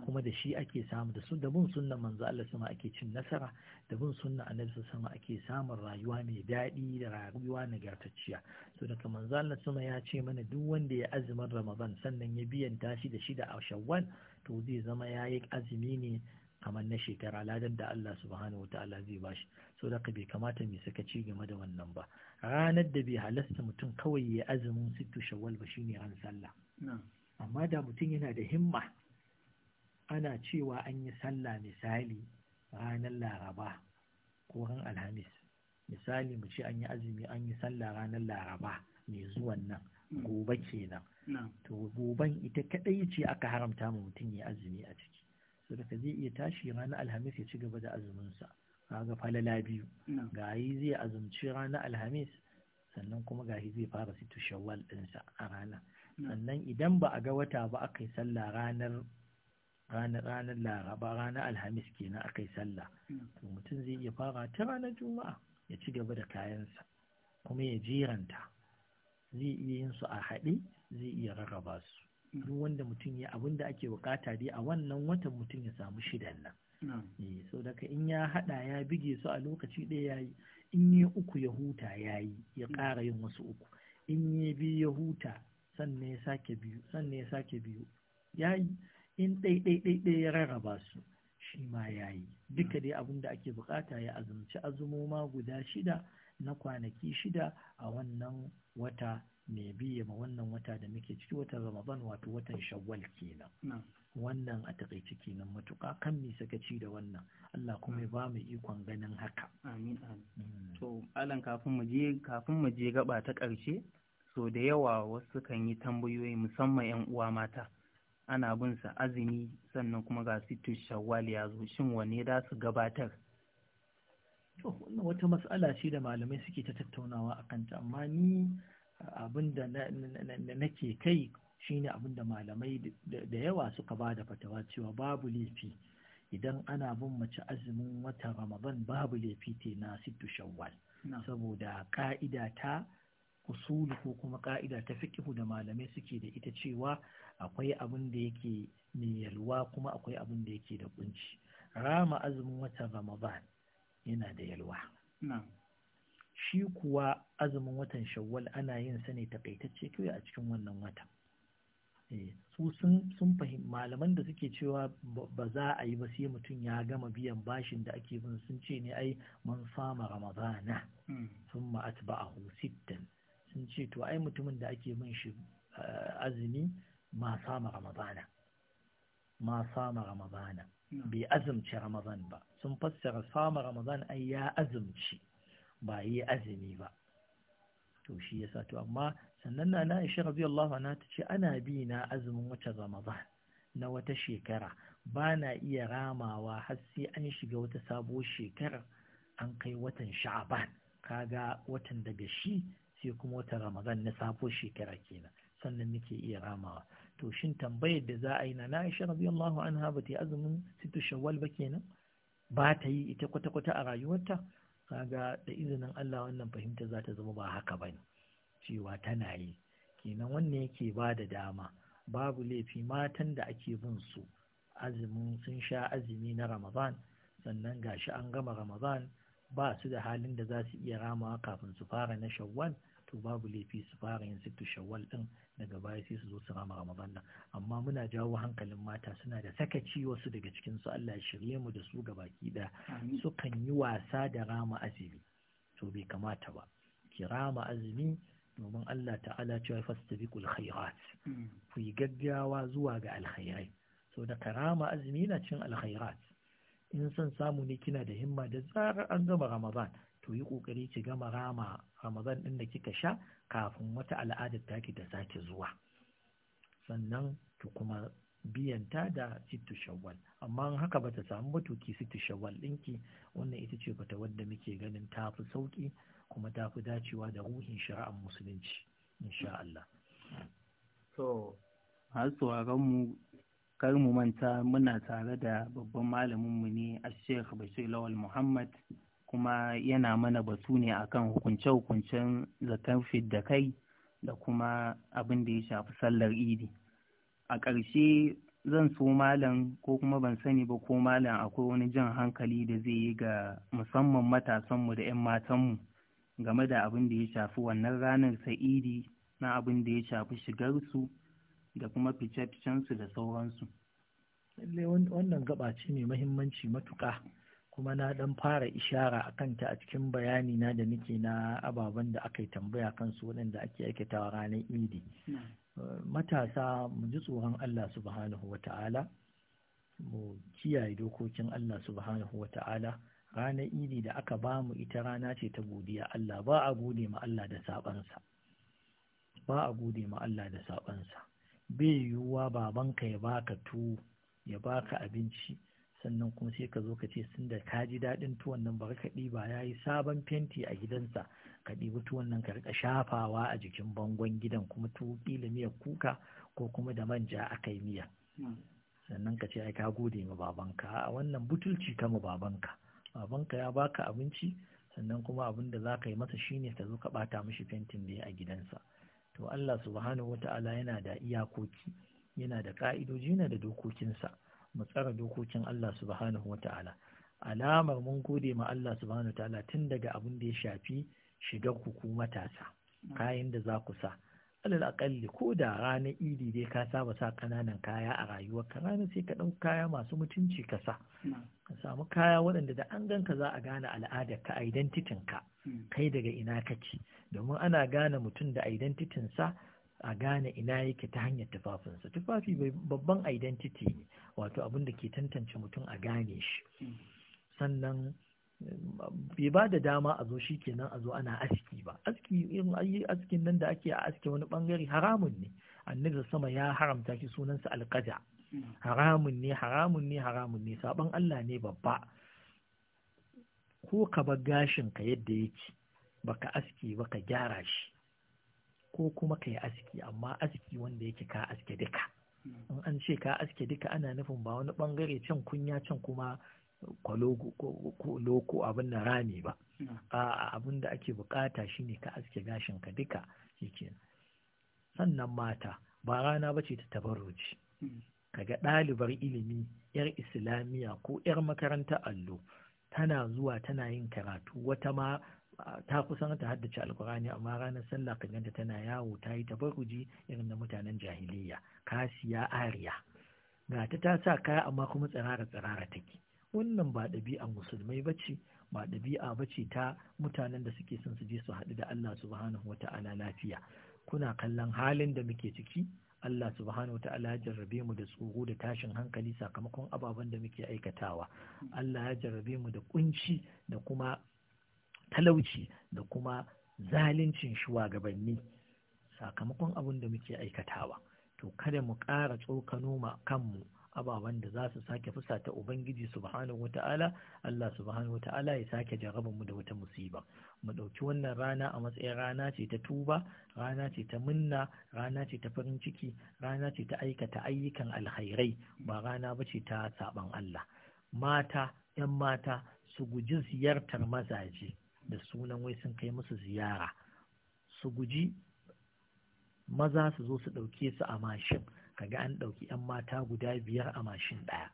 kuma da shi ake samu da su da bin sunna manzo Allah sama ake cin nasara da bin sunna annabi sama ake samun rayuwa mai daɗi da rayuwa nagartacciya To daga manzo Allah sama ya ce mana duk wanda ya azumin Ramadan sannan ya biyan tashi da shida a Shawwal to zai zama yayi azumi ne kamar na shekara Ladan da Allah subhanahu wa ta'ala zai bashi so da ka bai kamata mai sakaci game da wannan ba ranar da bai halasta mutum kawai ya azumin sittu shawwal ba shine ran sallah amma da mutum yana da himma ana cewa an yi sallah misali ranar laraba ko ran alhamis misali mu ce an yi azumi an yi sallah ranar laraba mai zuwan nan mm. gobe kenan to goban ita kadai ce aka haramta mu mutum ya azumi a ciki saboda zai iya tashi ranar alhamis ya ci gaba da azuminsa kaga falala biyu yi zai azumci ranar alhamis sannan kuma gayi zai fara situ shawwal ɗinsa a rana sannan idan ba a ga wata ba aka yi sallah ranar ranar ranar laraba ranar alhamis kenan aka yi sallah to mutum zai iya fara ta ranar juma'a ya ci gaba da kayansa kuma ya jiranta zai iya yin su a haɗe zai iya rarraba su duk wanda mutum ya abin da ake bukata dai a wannan watan mutum ya samu shidan nan eh, so daga in ya hada ya bige su a lokaci ɗaya ya yi in yi uku ya huta ya yi ya mm. ƙara yin wasu uku in yi biyu ya huta sannan ya sake biyu sannan ya sake biyu ya yi in ɗai ya rarraba su shi ma ya yi duka dai abin da ake bukata ya azumci azumoma guda shida na kwanaki shida a wannan wata Me biye ma wannan wata da muke ciki watan ramadan wato watan shawwal kenan wannan a takaice kenan matuƙa kan mi ci da wannan Allah kuma ya ba mu ikon ganin haka amin hmm. to alan kafin mu je kafin mu je gaba ta ƙarshe so da yawa wasu kan yi tambayoyi musamman yan uwa mata ana bin sa azumi sannan kuma ga situ shawwal ya zo shin wanne za su gabatar to wannan wata mas'ala ce da malamai suke ta tattaunawa akan ta amma ni abin da nake kai shine abin da malamai da yawa suka ba da fatawa cewa babu laifi idan ana bin mace azumin wata ramadan babu laifi te na sittu shawwal saboda ka'ida ta usulu ko kuma ka'ida ta fiqhu da malamai suke da ita cewa akwai abin da yake mai yalwa kuma akwai abin da yake da kunci rama azumin wata ramadan yana da yalwa shi kuwa azumin watan shawwal ana yin sa ne takaitacce kawai a cikin wannan watan eh, su sun fahim malaman da suke cewa ba za a yi ba sai mutum ya gama biyan bashin da ake bin sun ce ne ai man fama ramadana sun ma'at ba a sittan sun ce to ai mutumin da ake bin shi eh, azumi ma sama ramadana ma sama ramadana hmm. bai azumci ramadan ba sun fassara sama ramadan ai ya azumci ba yi azumi ba to shi ya sa to amma sannan na Aisha radiyallahu anha ta ce ana bi na azumin wata Ramadan na wata shekara ba na iya ramawa har sai an shiga wata sabuwar shekara an kai watan Sha'ban kaga watan daga shi sai kuma wata Ramadan na sabuwar shekara kenan sannan nake iya ramawa to shin tambayar da za a yi na Aisha radiyallahu anha ba ta yi azumin situ Shawwal ba kenan ba ta yi ita kwata-kwata a rayuwarta kaga da izinin Allah wannan fahimta za ta zama ba haka ba ne cewa tana yi kenan wannan yake ba da dama babu laifi matan da ake bin su azumin sun sha azumi na ramadan sannan gashi an gama ramadan ba su da halin da za su iya ramawa kafin su fara na shawwal to babu laifi su fara yin sittu shawwal din daga baya sai su zo su rama ramadan nan amma muna jawo hankalin mata suna da sakaci wasu daga cikin su Allah ya shirye mu da su gabaki da sukan yi wasa da rama azumi to bai kamata ba ki rama azumi domin Allah ta'ala cewa fastabiqul khairat hmm. ku yi gaggawa zuwa ga alkhairai so da karama azumi na cin alkhairat in san samu ne kina da himma da zarar an gama ramadan to yi kokari ki gama rama ramadan din da kika sha kafin wata al'adar taki da sake zuwa sannan ki kuma biyanta da sittu shawwal amma haka bata samu ba to ki sittu shawwal ɗinki wannan ita ce bata wadda muke ganin ta fi sauki kuma ta fi dacewa da ruhin shari'ar musulunci insha Allah to har sauraron mu kar mu manta muna tare da babban malamin mu ne a Sheikh Bashir Lawal Muhammad kuma yana mana batu ne akan hukunce-hukuncen zakar da kai da kuma abin da ya shafi sallar idi a ƙarshe zan so malam ko kuma ban sani ba ko malam akwai wani jan hankali da zai yi ga musamman matasanmu da 'yan matanmu game da abin da ya shafi wannan ranar ta idi na abin da ya shafi shigarsu da kuma fice-ficensu da sauransu. wannan gaba ce mai mahimmanci matuka kuma na dan fara ishara a kanta a cikin bayani na da nake na ababen da aka yi tambaya kan su waɗanda ake aikatawa ranar idi matasa mu ji tsoron Allah subhanahu wa ta'ala mu kiyaye dokokin Allah subhanahu wa ta'ala ranar idi da aka ba mu ita rana ce ta godiya Allah ba a gode ma Allah da sabansa ba a gode ma Allah da sabansa bai yiwuwa babanka ya baka tuwo ya baka abinci sannan kuma sai ka zo ka ce sun da ka ji daɗin tuwon nan bari ka ɗiba ya yi sabon fenti a gidansa ka ɗibi tuwon nan ka riƙa shafawa a jikin bangon gidan kuma tuwo ƙila miyar kuka ko kuma da manja aka yi miya hmm. sannan ka ce ai ka gode ma babanka a wannan butulci ka ma babanka babanka ya baka abinci sannan kuma abin da za ka yi masa shine ka zo ka ɓata mishi fentin da ya a gidansa to Allah subhanahu wata'ala yana da iyakoki yana da ƙa'idoji, yana da dokokinsa mu tsara dokokin Allah subhanahu wata'ala alamar mun gode ma Allah subhanahu ta'ala tun daga abin da ya shafi shigar ku ku matasa mm. kayan da za ku sa alal akalli ko da ranar idi dai ka saba sa kananan kaya a rayuwar ka, ranar sai ka ɗau kaya masu mutunci ka sa mm. ka samu kaya waɗanda da an ganka za a gane al'adar ka identitin ka mm. kai daga ina kake domin ana gane mutum da identitin sa a gane ina yake ta hanyar tufafinsa tufafi babban identity ne wato abin da ke tantance mutum a gane shi sannan bai ba da dama a zo shi kenan a zo ana aski ba aski irin ayi askin nan da ake a aske wani bangare haramun ne annabi sama ya haramta shi sunansa alqaja haramun ne haramun ne haramun ne saban Allah ne babba ko ka bar gashin ka yadda yake baka aski baka gyara shi ko kuma ka yi aski amma aski wanda yake ka aske duka in an ce ka aske duka ana nufin ba wani bangare can kunya can kuma kwalo ko abin da rami ba a abin da ake bukata shine ka aske gashin ka duka yake sannan mata ba rana bace ta tabarruci kaga ɗalibar ilimi yar islamiya, ko yar makarantar allo tana zuwa tana yin karatu wata ma ta kusan ta haddace alkur'ani amma ranar sallah ka ganta tana yawo ta yi tabarruji irin na mutanen jahiliya kasiya ariya ga ta ta sa kaya amma kuma tsirara tsirara take wannan ba ɗabi'a musulmai bace ba ɗabi'a bace ta mutanen da suke son su je su haɗu da Allah subhanahu wata'ala lafiya kuna kallon halin da muke ciki Allah subhanahu ta'ala ya jarrabe mu da tsoro da tashin hankali sakamakon ababen da muke aikatawa Allah ya jarrabe mu da kunci da kuma talauci da kuma zalincin shugabanni sakamakon abin da muke aikatawa to kada mu ƙara tsokano ma kanmu ababen da za su sake fusata ubangiji subhanahu wata'ala Allah subhanahu wata'ala ya sake jarabar mu da wata musiba mu ɗauki wannan rana a matsayin rana ce ta tuba rana ce ta munna rana ce ta farin ciki rana ce ta aikata ayyukan alkhairai ba rana ba ce ta saban Allah mata 'yan mata su guji ziyartar mazaje da sunan wai sun kai musu ziyara su guji maza su zo su ɗauke su a mashin kaga an ɗauki 'yan mata guda biyar a mashin ɗaya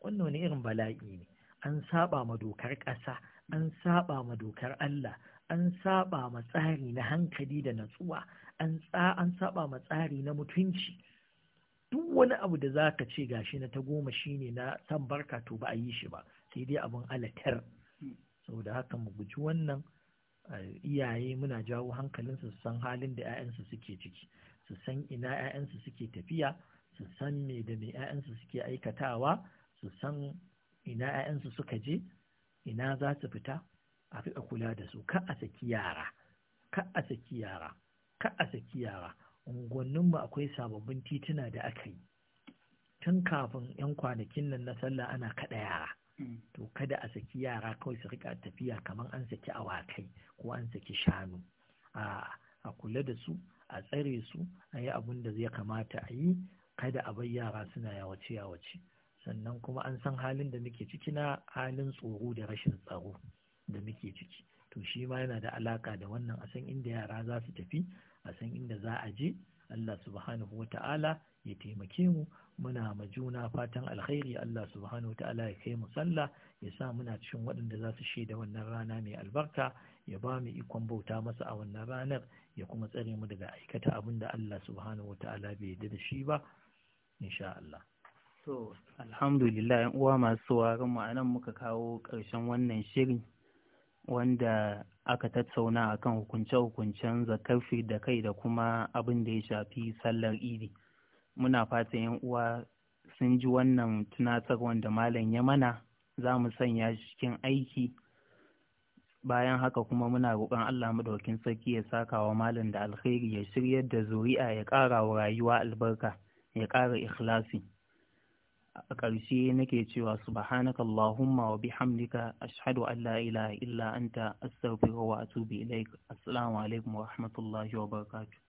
wannan wani irin bala'i ne an saba ma dokar ƙasa an saba ma dokar Allah an saba ma tsari na hankali da natsuwa an an saba ma tsari na mutunci duk wani abu da za ka ce gashi na ta goma shine na san barka to ba a yi shi ba sai dai abin alatar saboda haka mu guji wannan iyaye muna jawo hankalinsu su san halin da 'ya'yansu suke ciki su san ina 'ya'yansu suke tafiya su san me da me 'ya'yansu suke aikatawa su san ina 'ya'yansu suka je ina za su fita a fi kula da su ka a saki yara ka a saki yara ka a saki yara unguwanninmu akwai sababbin tituna da aka yi tun kafin 'yan kwanakin nan na sallah ana kaɗa yara Mm. to kada a saki yara kawai su rika tafiya kamar an saki awakai ko an saki shanu a kula da su a tsare su a yi abin da zai kamata a yi kada a bar yara suna yawace yawace sannan kuma an san halin da muke ciki na halin tsoro da rashin tsaro da muke ciki to shi ma yana da alaka da wannan a san inda yara za su tafi a san inda za a je Allah subhanahu wa ta'ala ya taimake mu muna ma juna fatan alkhairi Allah subhanahu wa ta'ala ya kai mu sallah ya sa muna cikin waɗanda za su shaida wannan rana mai albarka ya ba mu ikon bauta masa a wannan ranar ya kuma tsare mu daga aikata abin da Allah subhanahu wa ta'ala bai yarda da shi ba insha Allah to alhamdulillah yan uwa masu sauraron mu nan muka kawo ƙarshen wannan shirin wanda aka tattauna akan hukunce-hukuncen zakarfi da kai da kuma abin da ya shafi sallar idi muna fata yan uwa sun ji wannan tunatarwar da malam ya mana za mu sanya cikin aiki bayan haka kuma muna roƙon Allah madaukin sarki ya saka wa malam da alkhairi ya shiryar da zuri'a ya ƙara wa rayuwa albarka ya ƙara ikhlasi a ƙarshe nake cewa subhanaka Allahumma wa bihamdika ashhadu an la ilaha illa anta astaghfiruka wa atubu ilaik assalamu alaikum wa rahmatullahi wa barakatuh